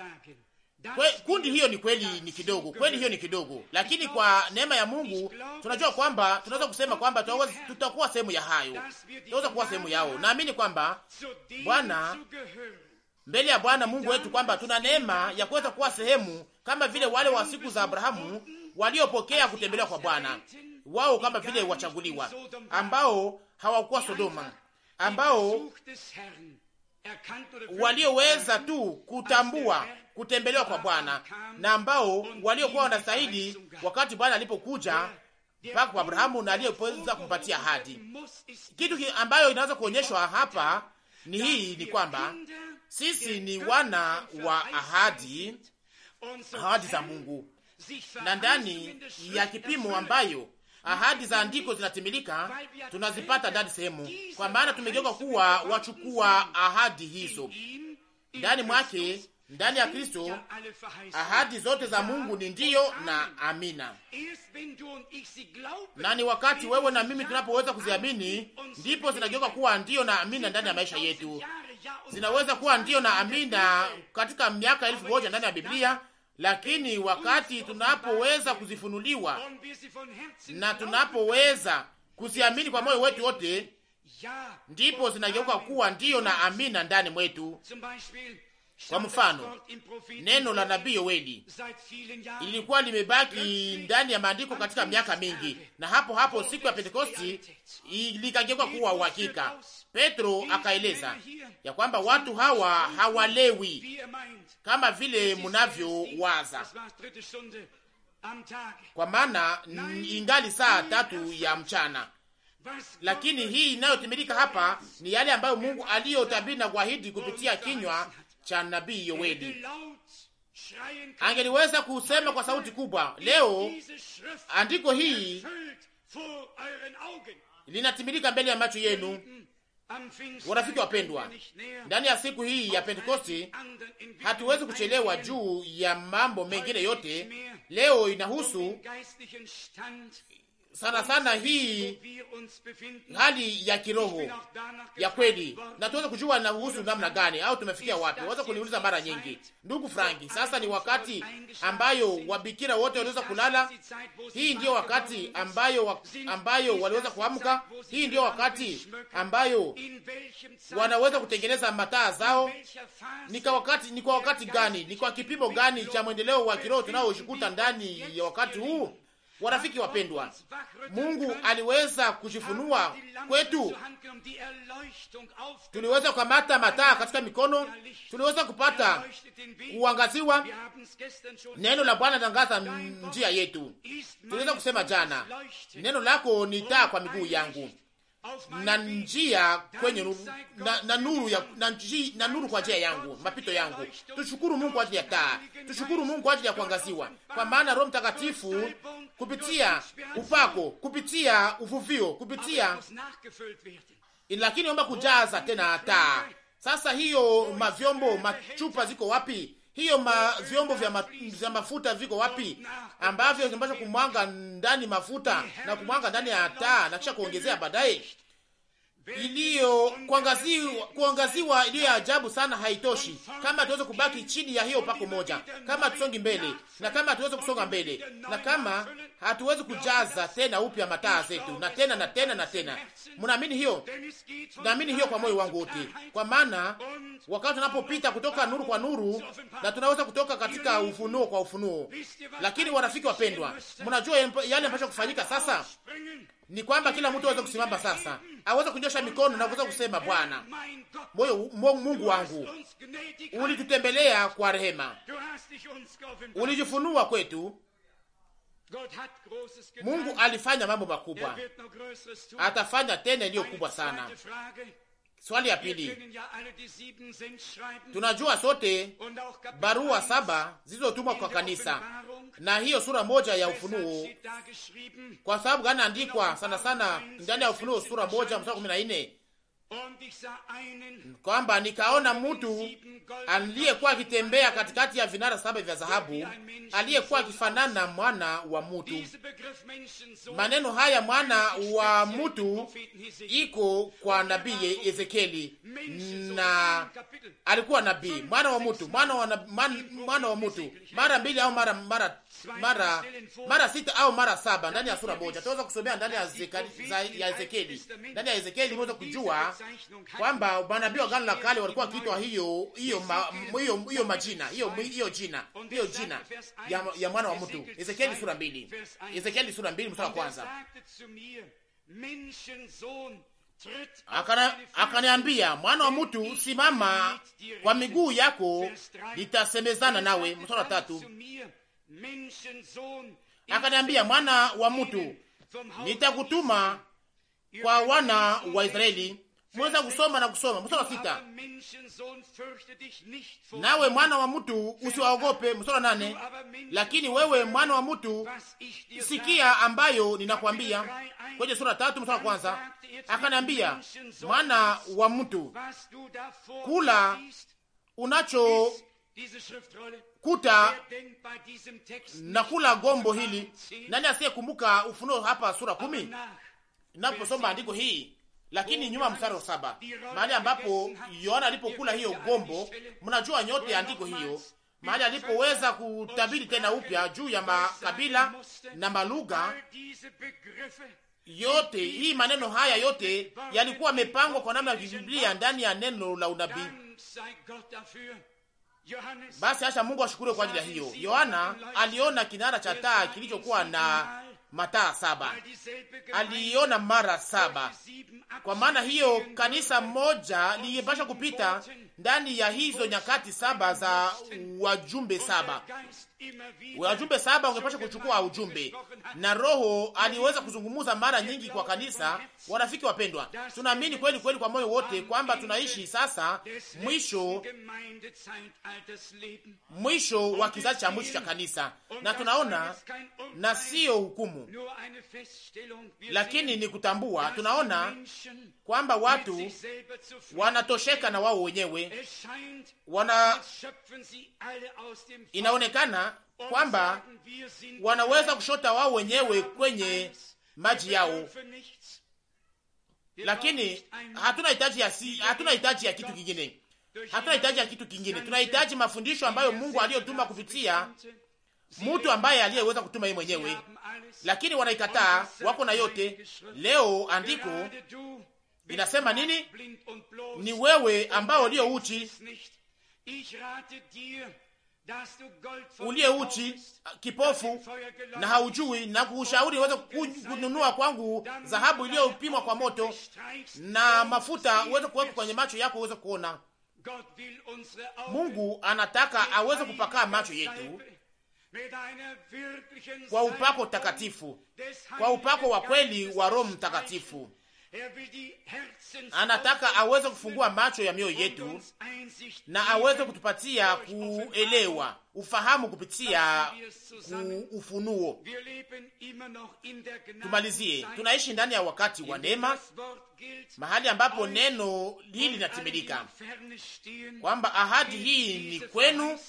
Kwe, kundi hiyo ni kweli ni kidogo, kweli hiyo ni kidogo, lakini kwa neema ya Mungu tunajua kwamba tunaweza kusema kwamba tutakuwa sehemu ya hayo, tunaweza kuwa sehemu yao. Naamini kwamba Bwana mbele ya Bwana Mungu wetu kwamba tuna neema ya kuweza kuwa sehemu kama vile wale wa siku za Abrahamu waliopokea kutembelewa kwa Bwana wao, kama vile wachaguliwa ambao hawakuwa Sodoma, ambao walioweza tu kutambua kutembelewa kwa Bwana na ambao waliokuwa wanastahili wakati Bwana alipokuja mpaka kwa Abrahamu na aliyeweza kumpatia ahadi. Kitu ambayo inaweza kuonyeshwa hapa ni hii, ni kwamba sisi ni wana wa ahadi, ahadi za Mungu na ndani ya kipimo ambayo ahadi za andiko zinatimilika, tunazipata ndani sehemu, kwa maana tumegeuka kuwa wachukua ahadi hizo ndani mwake ndani ya Kristo ahadi zote za Mungu ni ndiyo na amina, na ni wakati wewe na mimi tunapoweza kuziamini ndipo zinageuka kuwa ndiyo na amina ndani ya maisha yetu. Zinaweza kuwa ndiyo na amina katika miaka elfu moja ndani ya Biblia lakini wakati tunapoweza kuzifunuliwa na tunapoweza kuziamini kwa moyo wetu wote, ndipo zinageuka kuwa ndiyo na amina ndani mwetu. Kwa mfano, neno la nabii Yoeli ilikuwa limebaki ndani ya maandiko katika miaka mingi, na hapo hapo siku ya Pentekosti likageuka kuwa uhakika. Petro akaeleza ya kwamba watu hawa hawalewi kama vile munavyowaza, kwa maana ingali saa tatu ya mchana lakini hii inayotimilika hapa ni yale ambayo Mungu aliyotabiri na kuahidi kupitia kinywa cha nabii Yoweli Angeliweza kusema kwa sauti kubwa, leo andiko hii linatimilika mbele ya macho mm, yenu. Warafiki mm, wapendwa, ndani ya siku hii ya Pentekosti hatuwezi kuchelewa juu ya mambo mengine yote. Leo inahusu sana sana hii hali ya kiroho ya kweli, na tuweze kujua na uhusu namna gani au tumefikia wapi. Waweza kuniuliza mara nyingi, ndugu Franki, sasa ni wakati ambayo wabikira wote waliweza kulala. Hii ndiyo wakati ambayo wa, ambayo waliweza kuamka. Hii ndiyo wakati ambayo wanaweza kutengeneza mataa zao. Ni kwa wakati, ni kwa wakati gani? Ni kwa kipimo gani cha mwendeleo wa kiroho tunaoshikuta ndani ya wakati huu? Warafiki wapendwa, Mungu aliweza kujifunua kwetu, tuliweza kukamata mataa katika mikono, tuliweza kupata kuangaziwa. Neno la Bwana tangaza njia yetu, tuliweza kusema jana, neno lako ni taa kwa miguu yangu na njia kwenye nuru, na, na nuru ya na, njia, na nuru kwa njia yangu mapito yangu. Tushukuru Mungu kwa ajili ya taa, tushukuru Mungu kwa ajili ya kuangaziwa, kwa maana Roho Mtakatifu kupitia upako, kupitia uvuvio, kupitia lakini omba kujaza tena taa. Sasa hiyo mavyombo machupa ziko wapi? hiyo ma, vyombo vya, ma, vya mafuta viko wapi, ambavyo vinapaswa kumwanga ndani mafuta na kumwanga ndani ya taa na kisha kuongezea baadaye iliyo kuangaziwa, kuangaziwa iliyo ya ajabu sana haitoshi, kama tuweze kubaki chini ya hiyo pako moja, kama tusongi mbele na kama tuweze kusonga mbele na kama hatuwezi kujaza tena upya mataa zetu na tena na tena na tena. Mnaamini hiyo? Naamini hiyo kwa moyo wangu wote, kwa maana wakati tunapopita kutoka nuru kwa nuru, na tunaweza kutoka katika ufunuo kwa ufunuo. Lakini warafiki wapendwa, mnajua yale ambayo kufanyika sasa ni kwamba kila mtu aweze kusimama sasa, aweze kunyosha mikono na kuweza kusema Bwana, moyo Mungu wangu, ulitutembelea kwa rehema, ulijifunua kwetu Mungu alifanya mambo er makubwa, atafanya tena iliyo kubwa sana. Swali ya pili, tunajua sote barua saba zilizotumwa kwa kanisa na hiyo sura moja ya Ufunuo. Kwa sababu gani andikwa sana sana ndani ya Ufunuo sura moja mstari kumi na nne kwamba nikaona mtu aliyekuwa akitembea katikati ya vinara saba vya dhahabu, aliyekuwa akifanana mwana wa mtu. Maneno haya mwana wa mtu iko kwa nabii Ezekieli, na alikuwa nabii mwana wa mtu, mwana wa man, mwana wa mtu mara mbili au mara mara mara mara sita au mara saba ndani ya sura moja. Tunaweza kusomea ndani ya Ezekieli, ndani ya Ezekieli tunaweza kujua kwamba manabii wa Agano la Kale walikuwa wakiitwa hiyo hiyo hiyo hiyo majina hiyo hiyo jina hiyo jina ya, ya mwana wa mtu. Ezekieli sura mbili, Ezekieli sura mbili mstari wa kwanza akaniambia mwana wa mtu, simama kwa miguu yako, nitasemezana nawe. Mstari wa tatu akaniambia mwana wa mtu, nitakutuma kwa wana wa Israeli Mweza kusoma na kusoma. Msura sita. Nawe mwana wa mtu usiwaogope. Msura nane. Lakini wewe mwana wa mtu sikia ambayo ninakwambia. Kwenye sura tatu msura kwanza. Akaniambia mwana wa mtu kula unacho kuta na kula gombo hili. Nani asiyekumbuka Ufunuo hapa sura kumi? Naposoma andiko hii lakini nyuma mstari wa saba mahali ambapo Yohana alipokula hiyo gombo, mnajua nyote andiko hiyo, mahali alipoweza kutabiri tena upya juu ya makabila na malugha yote. Hii maneno haya yote yalikuwa yamepangwa kwa namna ya Biblia ndani ya neno la unabii. Basi acha Mungu ashukuriwe kwa ajili ya hiyo. Yohana aliona kinara cha taa kilichokuwa na mataa saba, aliiona mara saba. Kwa maana hiyo kanisa moja liyepasha kupita ndani ya hizo nyakati saba za wajumbe saba, wajumbe saba ungepasha kuchukua ujumbe, na Roho aliweza kuzungumuza mara nyingi kwa kanisa. Warafiki wapendwa, tunaamini kweli kweli kwa moyo wote kwamba tunaishi sasa mwisho mwisho wa kizazi cha mwisho cha kanisa, na tunaona na siyo hukumu, lakini ni kutambua, tunaona kwamba watu wanatosheka na wao wenyewe wana, inaonekana kwamba wanaweza kushota wao wenyewe kwenye maji yao, lakini hatuna hitaji ya si, hatuna hitaji ya kitu kingine, hatuna hitaji ya kitu kingine. Tunahitaji mafundisho ambayo Mungu aliyotuma kupitia mtu ambaye aliyeweza kutuma yeye mwenyewe, lakini wanaikataa, wako na yote. Leo andiko inasema nini? Ni wewe ambao ulio uchi, uliye uchi, ah, kipofu na haujui, na kuushauri uweze kununua kwangu dhahabu iliyopimwa kwa moto na mafuta uweze kuweka kwenye macho yako uweze kuona. Mungu anataka aweze kupaka macho yetu kwa upako takatifu, kwa upako wa kweli wa Roho Mtakatifu Er anataka aweze kufungua macho ya mioyo yetu na aweze kutupatia kuelewa ufahamu kupitia ufunuo. Tumalizie, tunaishi ndani ya wakati wa neema, mahali ambapo neno hili linatimilika, kwamba ahadi hii ni kwenu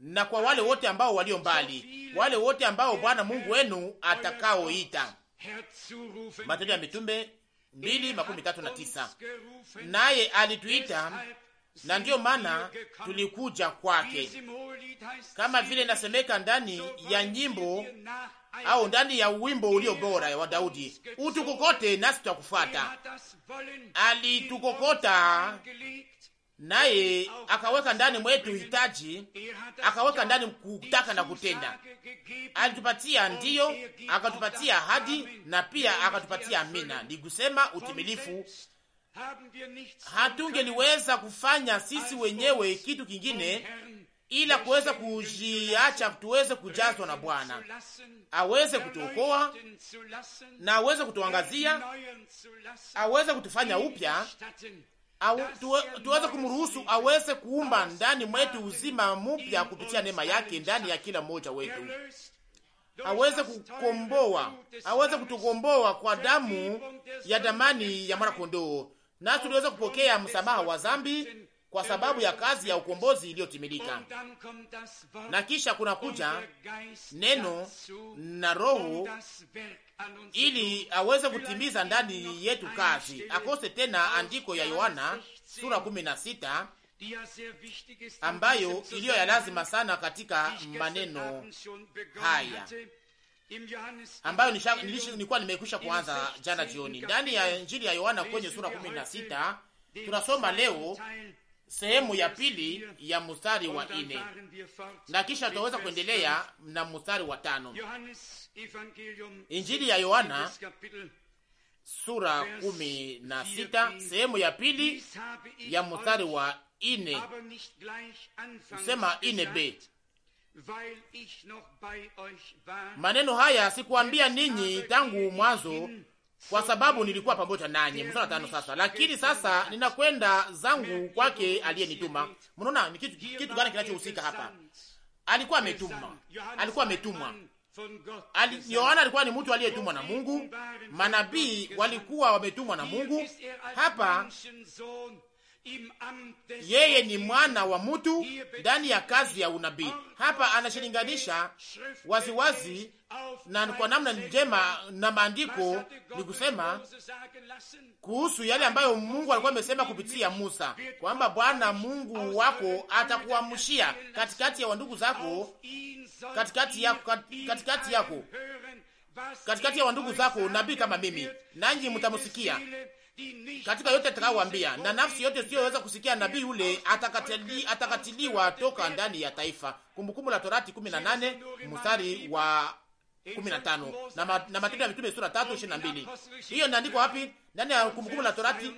na kwa wale wote ambao walio mbali, wale wote ambao Bwana Mungu wenu atakaoita. Matendo ya Mitume mbili makumi tatu na tisa. Naye alituita na ndiyo maana tulikuja kwake, kama vile inasemeka ndani ya nyimbo au ndani ya wimbo ulio bora wa Daudi, utukokote nasi tutakufuata. Alitukokota naye akaweka ndani mwetu hitaji, akaweka ndani kutaka na kutenda. Alitupatia ndiyo, akatupatia ahadi na pia akatupatia amina, ni kusema utimilifu. Hatungeliweza kufanya sisi wenyewe kitu kingine ila kuweza kujiacha tuweze kujazwa na Bwana aweze kutuokoa na aweze kutuangazia, aweze kutufanya upya tuweze kumruhusu aweze kuumba ndani mwetu uzima mpya kupitia neema yake ndani ya kila mmoja wetu, aweze kukomboa, aweze kutukomboa kwa damu ya damani ya mwana kondoo, nasi tuliweza kupokea msamaha wa dhambi kwa sababu ya kazi ya ukombozi iliyotimilika. Na kisha kunakuja neno na Roho ili aweze kutimiza ndani yetu kazi. Akose tena andiko ya Yohana sura 16 ambayo iliyo ya lazima sana katika maneno haya ambayo nilikuwa nimekwisha kuanza jana jioni ndani ya Injili ya Yohana kwenye sura 16 tunasoma leo sehemu ya pili ya mstari wa ine na kisha tutaweza kuendelea na mstari wa tano. Injili ya Yohana sura kumi na sita sehemu ya pili ya mstari wa ine sema ine b maneno haya sikuambia ninyi tangu mwanzo kwa sababu nilikuwa pamoja nanyi. Mstari tano sasa, lakini sasa ninakwenda zangu kwake aliyenituma. Mnaona ni kitu, kitu gani kinachohusika hapa? Alikuwa ametumwa, alikuwa ametumwa. Ali, Yohana alikuwa ni mtu aliyetumwa na Mungu, manabii walikuwa wametumwa na Mungu. Hapa yeye ni mwana wa mtu ndani ya kazi ya unabii. Hapa anashilinganisha waziwazi na kwa namna njema na maandiko, ni kusema kuhusu yale ambayo Mungu alikuwa amesema kupitia Musa kwamba Bwana Mungu wako atakuamshia katikati ya wandugu zako, katikati yako, katikati yako, katikati ya wandugu zako nabii kama mimi, nanyi mtamusikia katika yote atakayowaambia, na nafsi yote isiyoweza kusikia nabii yule atakatili, atakatiliwa toka ndani ya taifa. Kumbukumbu la Torati 18 mstari wa 15 na, ma, na Matendo ya Mitume sura 3:22. Hiyo inaandikwa wapi? Ndani ya Kumbukumbu la Torati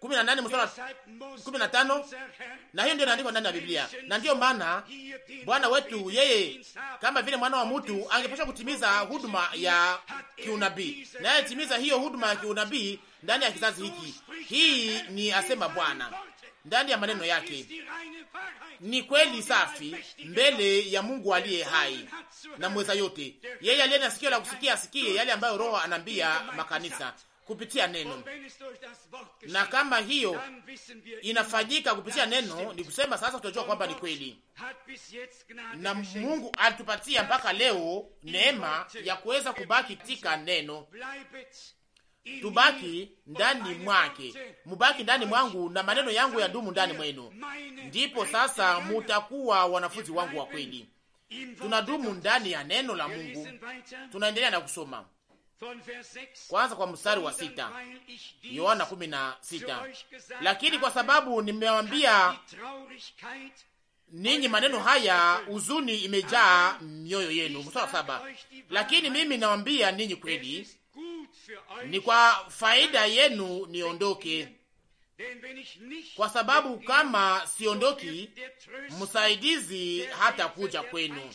kumi na nane mstari kumi na tano na hiyo ndio inaandikwa ndani ya Biblia. Na ndiyo maana Bwana wetu yeye kama vile mwana wa mtu angepasha kutimiza huduma ya er kiunabii, naye alitimiza hiyo huduma ya kiunabii ndani ya kizazi hiki. Hii ni asema Bwana ndani ya maneno yake ni kweli safi mbele ya Mungu aliye hai na mweza yote. Yeye aliye na sikio la kusikia asikie yale ambayo Roho anaambia makanisa kupitia neno, na kama hiyo inafanyika kupitia neno, ni kusema sasa tunajua kwamba ni kweli, na Mungu alitupatia mpaka leo neema ya kuweza kubaki katika neno. Tubaki ndani mwake, mubaki ndani mwangu, na maneno yangu ya dumu ndani mwenu, ndipo sasa mutakuwa wanafunzi wangu wa kweli. Tunadumu ndani ya neno la Mungu. Tunaendelea na kusoma kwanza kwa mstari wa sita Yohana kumi na sita lakini kwa sababu nimewambia ninyi maneno haya, huzuni imejaa ah, mioyo yenu. Mstari wa saba lakini mimi nawambia ninyi kweli, ni kwa faida yenu niondoke, kwa sababu kama siondoki, msaidizi hata kuja kwenu.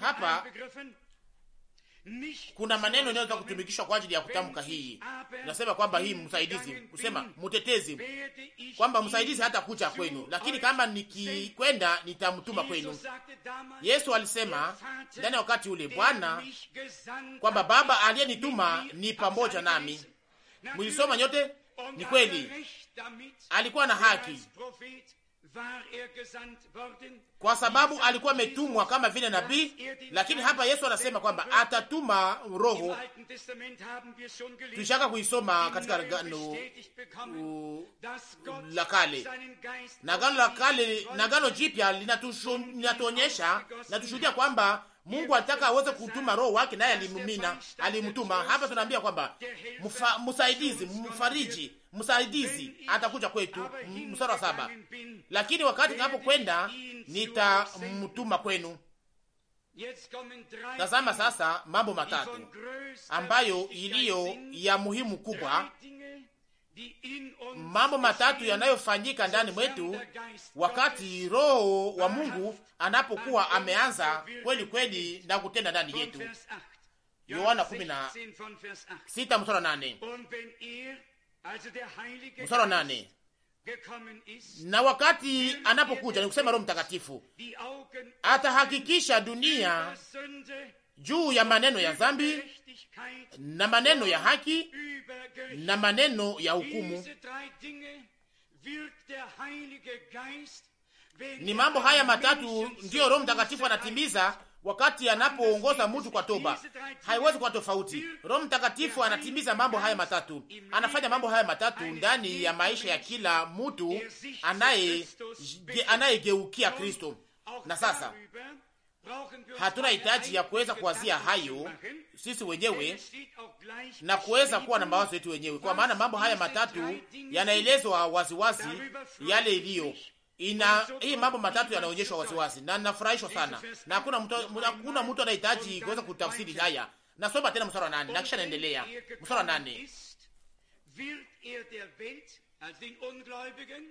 Hapa kuna maneno yanayoweza kutumikishwa kwa ajili ya kutamka hii. Nasema kwamba hii msaidizi, kusema mtetezi, kwamba msaidizi hata kuja kwenu, lakini kama nikikwenda nitamtuma kwenu. Yesu alisema ndani ya wakati ule Bwana kwamba Baba aliyenituma ni pamoja nami. Mlisoma nyote, ni kweli, er alikuwa na haki Er kwa sababu alikuwa ametumwa kama vile nabii, er lakini hapa Yesu anasema kwamba atatuma Roho. Tushaka kuisoma katika gano la Kale na gano la Kale na Jipya linatuonyesha, linatushuhudia kwamba Mungu anataka aweze kutuma roho wake, naye alimumina, alimtuma. Hapa tunaambia kwamba msaidizi, mfariji, msaidizi atakuja kwetu, mstari wa saba. Lakini wakati kwenda nitamtuma kwenu. Tazama sasa mambo matatu ambayo iliyo ya muhimu kubwa mambo matatu yanayofanyika ndani mwetu wakati Roho wa Mungu anapokuwa ameanza kweli kweli na kutenda ndani yetu. Yohana kumi na sita mstari nane mstari nane na wakati anapokuja ni kusema Roho Mtakatifu atahakikisha dunia juu ya maneno ya dhambi na maneno ya haki na maneno ya hukumu. Ni mambo haya matatu ndiyo Roho Mtakatifu anatimiza wakati anapoongoza mtu kwa toba. Haiwezi kuwa tofauti. Roho Mtakatifu anatimiza mambo haya matatu, anafanya mambo haya matatu ndani ya maisha ya kila mtu anayegeukia anaye Kristo. Na sasa hatuna hitaji ya kuweza kuwazia hayo sisi wenyewe na kuweza kuwa na mawazo yetu wenyewe, kwa maana mambo haya matatu yanaelezwa waziwazi yale iliyo ina hii mambo matatu yanaonyeshwa waziwazi, na nafurahishwa sana, na hakuna mtu hakuna mtu anahitaji kuweza kutafsiri haya. Nasoma tena mstari wa nane na kisha naendelea mstari wa nane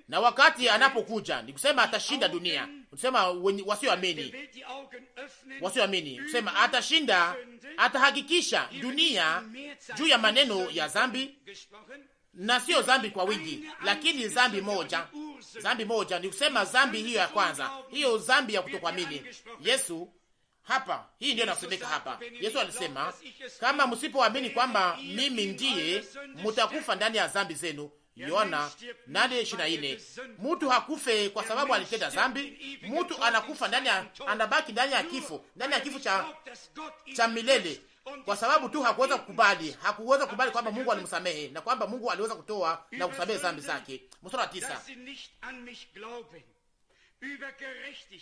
na wakati anapokuja ni kusema atashinda dunia, kusema wasioamini, wasioamini, kusema atashinda, atahakikisha dunia juu ya maneno ya zambi, na sio zambi kwa wingi, lakini zambi moja, zambi moja ni kusema zambi hiyo ya kwanza, hiyo zambi ya er kutokuamini. Yesu hapa, hii ndiyo inasemeka hapa. Yesu alisema kama msipoamini kwamba mimi ndiye, mutakufa ndani ya zambi zenu. Yohana nane ishirini na nne. hakufe kwa sababu alitenda zambi mutu anakufa ndani ya, anabaki ndani ya kifo, ndani ya kifo cha, cha milele kwa sababu tu hakuweza kukubali, hakuweza kukubali kwamba Mungu alimsamehe na kwamba Mungu aliweza kutoa na kusamehe zambi zake. Mstari wa tisa,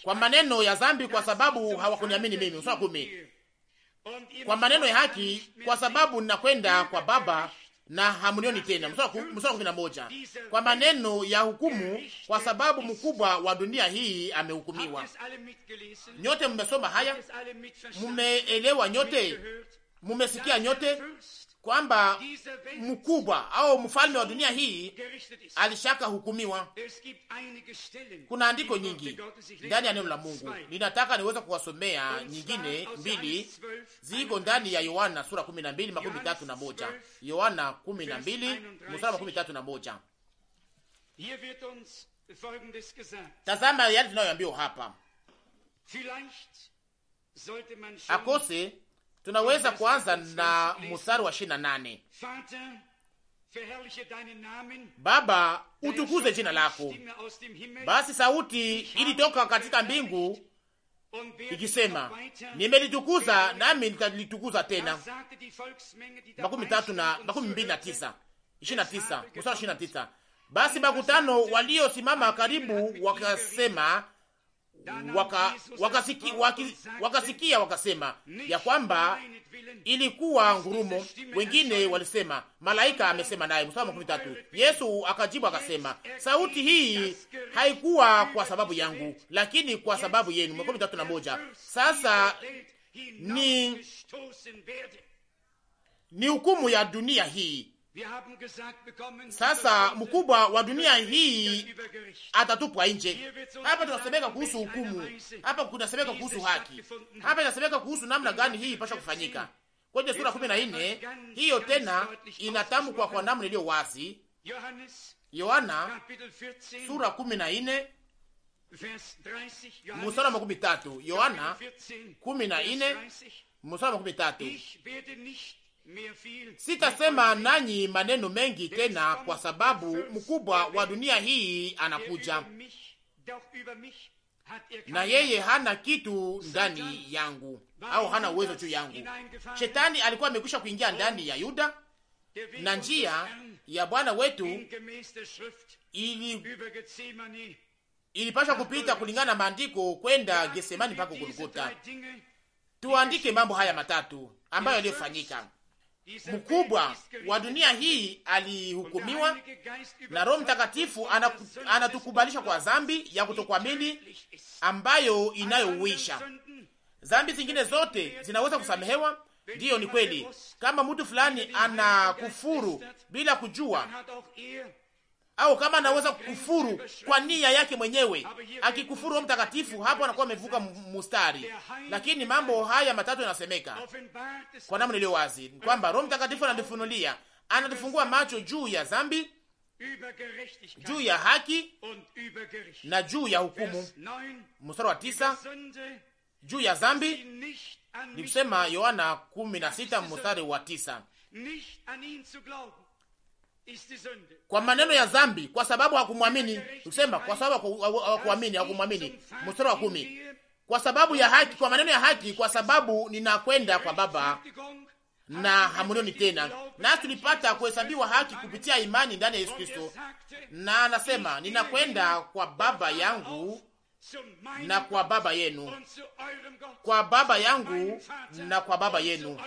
kwa maneno ya zambi kwa sababu hawakuniamini mimi. Mstari wa kumi, kwa maneno ya haki, kwa sababu ninakwenda kwa Baba na hamunioni tena. Mstari kumi na moja kwa maneno ya hukumu, kwa sababu mkubwa wa dunia hii amehukumiwa. Nyote mmesoma haya, mumeelewa nyote, mumesikia nyote kwamba mkubwa au mfalme wa dunia hii alishaka hukumiwa. Kuna andiko nyingi ndani ya neno la Mungu, ninataka niweze kuwasomea nyingine mbili, ziko ndani ya Yohana sura 12 makumi tatu na moja. Yohana 12 mstari makumi tatu na moja. Tazama yale tunayoambiwa hapa akose Tunaweza kuanza na mstari wa 28. Baba, utukuze jina lako. Basi sauti ilitoka katika mbingu ikisema, nimelitukuza nami nitalitukuza tena. makumi tatu na makumi mbili na tisa ishirini na tisa mstari ishirini na tisa. Basi makutano waliosimama karibu wakasema waka, wakasikia wakasema ya kwamba ilikuwa ngurumo. Wengine walisema malaika amesema naye. Mstari makumi tatu, Yesu akajibu akasema, sauti hii haikuwa kwa sababu yangu, lakini kwa sababu yenu. Makumi tatu na moja. Sasa ni ni hukumu ya dunia hii sasa mkubwa wa dunia hii atatupwa nje. Hapa tunasemeka kuhusu hukumu, hapa kunasemeka kuhusu haki, hapa inasemeka kuhusu namna gani hii ipasha kufanyika. Kwenye sura kumi na nne hiyo tena inatamkwa kwa namna iliyo wazi. Yohana sura kumi na nne mstari wa makumi tatu Yohana kumi na nne mstari wa makumi tatu Sitasema nanyi maneno mengi tena, kwa sababu mkubwa wa dunia hii anakuja, na yeye hana kitu ndani yangu, au hana uwezo juu yangu. Shetani alikuwa amekwisha kuingia ndani ya Yuda, na njia ya Bwana wetu ili ilipashwa kupita kulingana na maandiko kwenda Getsemani mpaka Golgota. Tuandike mambo haya matatu ambayo yaliyofanyika mkubwa wa dunia hii alihukumiwa, na Roho Mtakatifu anatukubalisha kwa dhambi ya kutokuamini ambayo inayouisha. Dhambi zingine zote zinaweza kusamehewa. Ndiyo, ni kweli. Kama mtu fulani anakufuru bila kujua, au kama anaweza kukufuru kwa nia yake mwenyewe, akikufuru Roho Mtakatifu, hapo anakuwa amevuka mustari. Lakini mambo haya matatu yanasemeka kwa namna iliyo wazi kwamba Roho Mtakatifu anatufunulia, anatufungua macho juu ya zambi juu ya haki na juu ya hukumu. Mstari wa tisa, juu ya dhambi nikusema Yohana 16 mstari wa tisa kwa maneno ya zambi kwa sababu hakumwamini. Tukisema kwa sababu hakuamini, hakumwamini. Mstari wa kumi, kwa sababu ya haki, kwa maneno ya haki, kwa sababu ninakwenda kwa Baba na hamunioni tena. Nasi tulipata kuhesabiwa haki kupitia imani ndani ya Yesu Kristo, na anasema ninakwenda kwa Baba yangu na kwa Baba yenu, kwa Baba yangu na kwa Baba yenu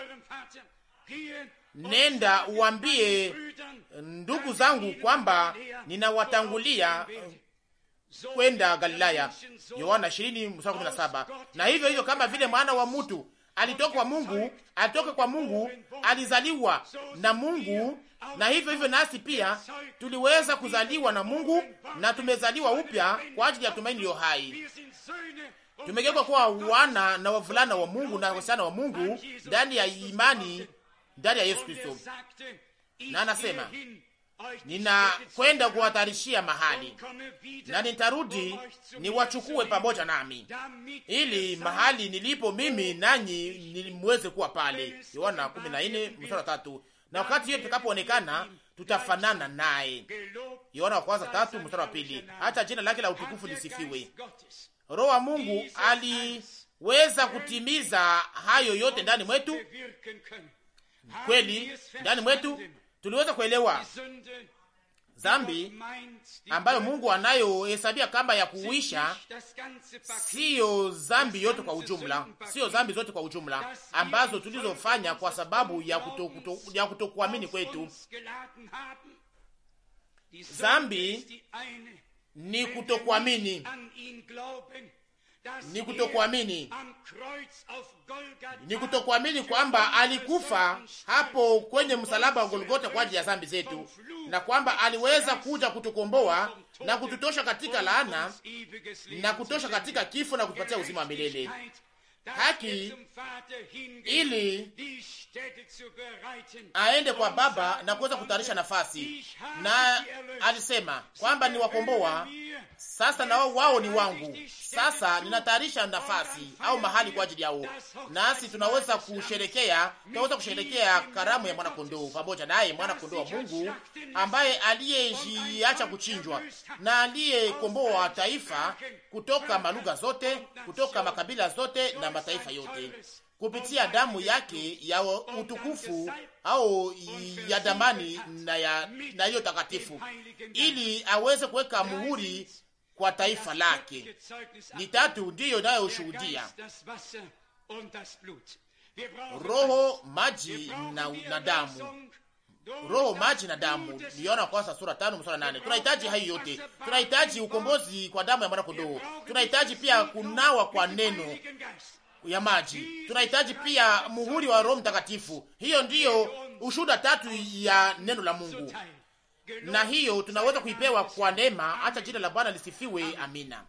nenda uambie ndugu zangu kwamba ninawatangulia kwenda Galilaya, Yohana 20:17. Na hivyo hivyo, kama vile mwana wa mtu alitoka kwa Mungu, alitoka kwa Mungu, alizaliwa na Mungu, na hivyo hivyo nasi pia tuliweza kuzaliwa na Mungu na tumezaliwa upya kwa ajili ya tumaini iliyo hai. Tumegeuka kuwa wana na wavulana wa Mungu na wasichana wa Mungu ndani ya imani ndani ya Yesu Kristo, na anasema nina kwenda kuwatarishia mahali na nitarudi niwachukue pamoja nami, ili mahali nilipo mimi nanyi niweze kuwa pale. Yohana 14:3. Na wakati yeye tutakapoonekana tutafanana naye. Yohana wa kwanza tatu mstari wa pili. Hata jina lake la utukufu lisifiwe. Roho wa Mungu aliweza kutimiza hayo yote ndani mwetu kweli ndani mwetu, tuliweza kuelewa dhambi ambayo Mungu anayohesabia kamba ya kuuisha, siyo dhambi yote kwa ujumla, siyo dhambi zote kwa ujumla ambazo tulizofanya kwa sababu ya kutokuamini kuto kwetu. Dhambi ni kutokuamini ni kutokuamini, ni kutokuamini kwamba alikufa hapo kwenye msalaba wa Golgota kwa ajili ya dhambi zetu, na kwamba aliweza kuja kutukomboa na kututosha katika laana na kutosha katika kifo na kutupatia uzima wa milele haki ili aende kwa Baba na kuweza kutayarisha nafasi, na alisema kwamba niwakomboa sasa, na wao ni wangu. Sasa ninatayarisha nafasi au mahali kwa ajili yao, nasi tunaweza kusherekea, tunaweza kusherekea karamu ya mwana kondoo pamoja naye mwana kondoo wa Mungu ambaye aliyejiacha kuchinjwa na aliyekomboa taifa kutoka malugha zote, kutoka makabila zote na mataifa yote kupitia damu yake ya utukufu au ya damani na ya na hiyo takatifu, ili aweze kuweka muhuri kwa taifa lake. Ni tatu ndiyo inayoshuhudia roho, maji na, na damu roho maji na damu. Niona kwanza sura tano msura nane. Tunahitaji hayo yote, tunahitaji ukombozi kwa damu ya mwana kondoo, tunahitaji pia kunawa kwa neno, ya maji. Tunahitaji pia muhuri wa Roho Mtakatifu. Hiyo ndiyo ushuhuda tatu ya neno la Mungu, na hiyo tunaweza kuipewa kwa neema. Acha jina la Bwana lisifiwe. Amina.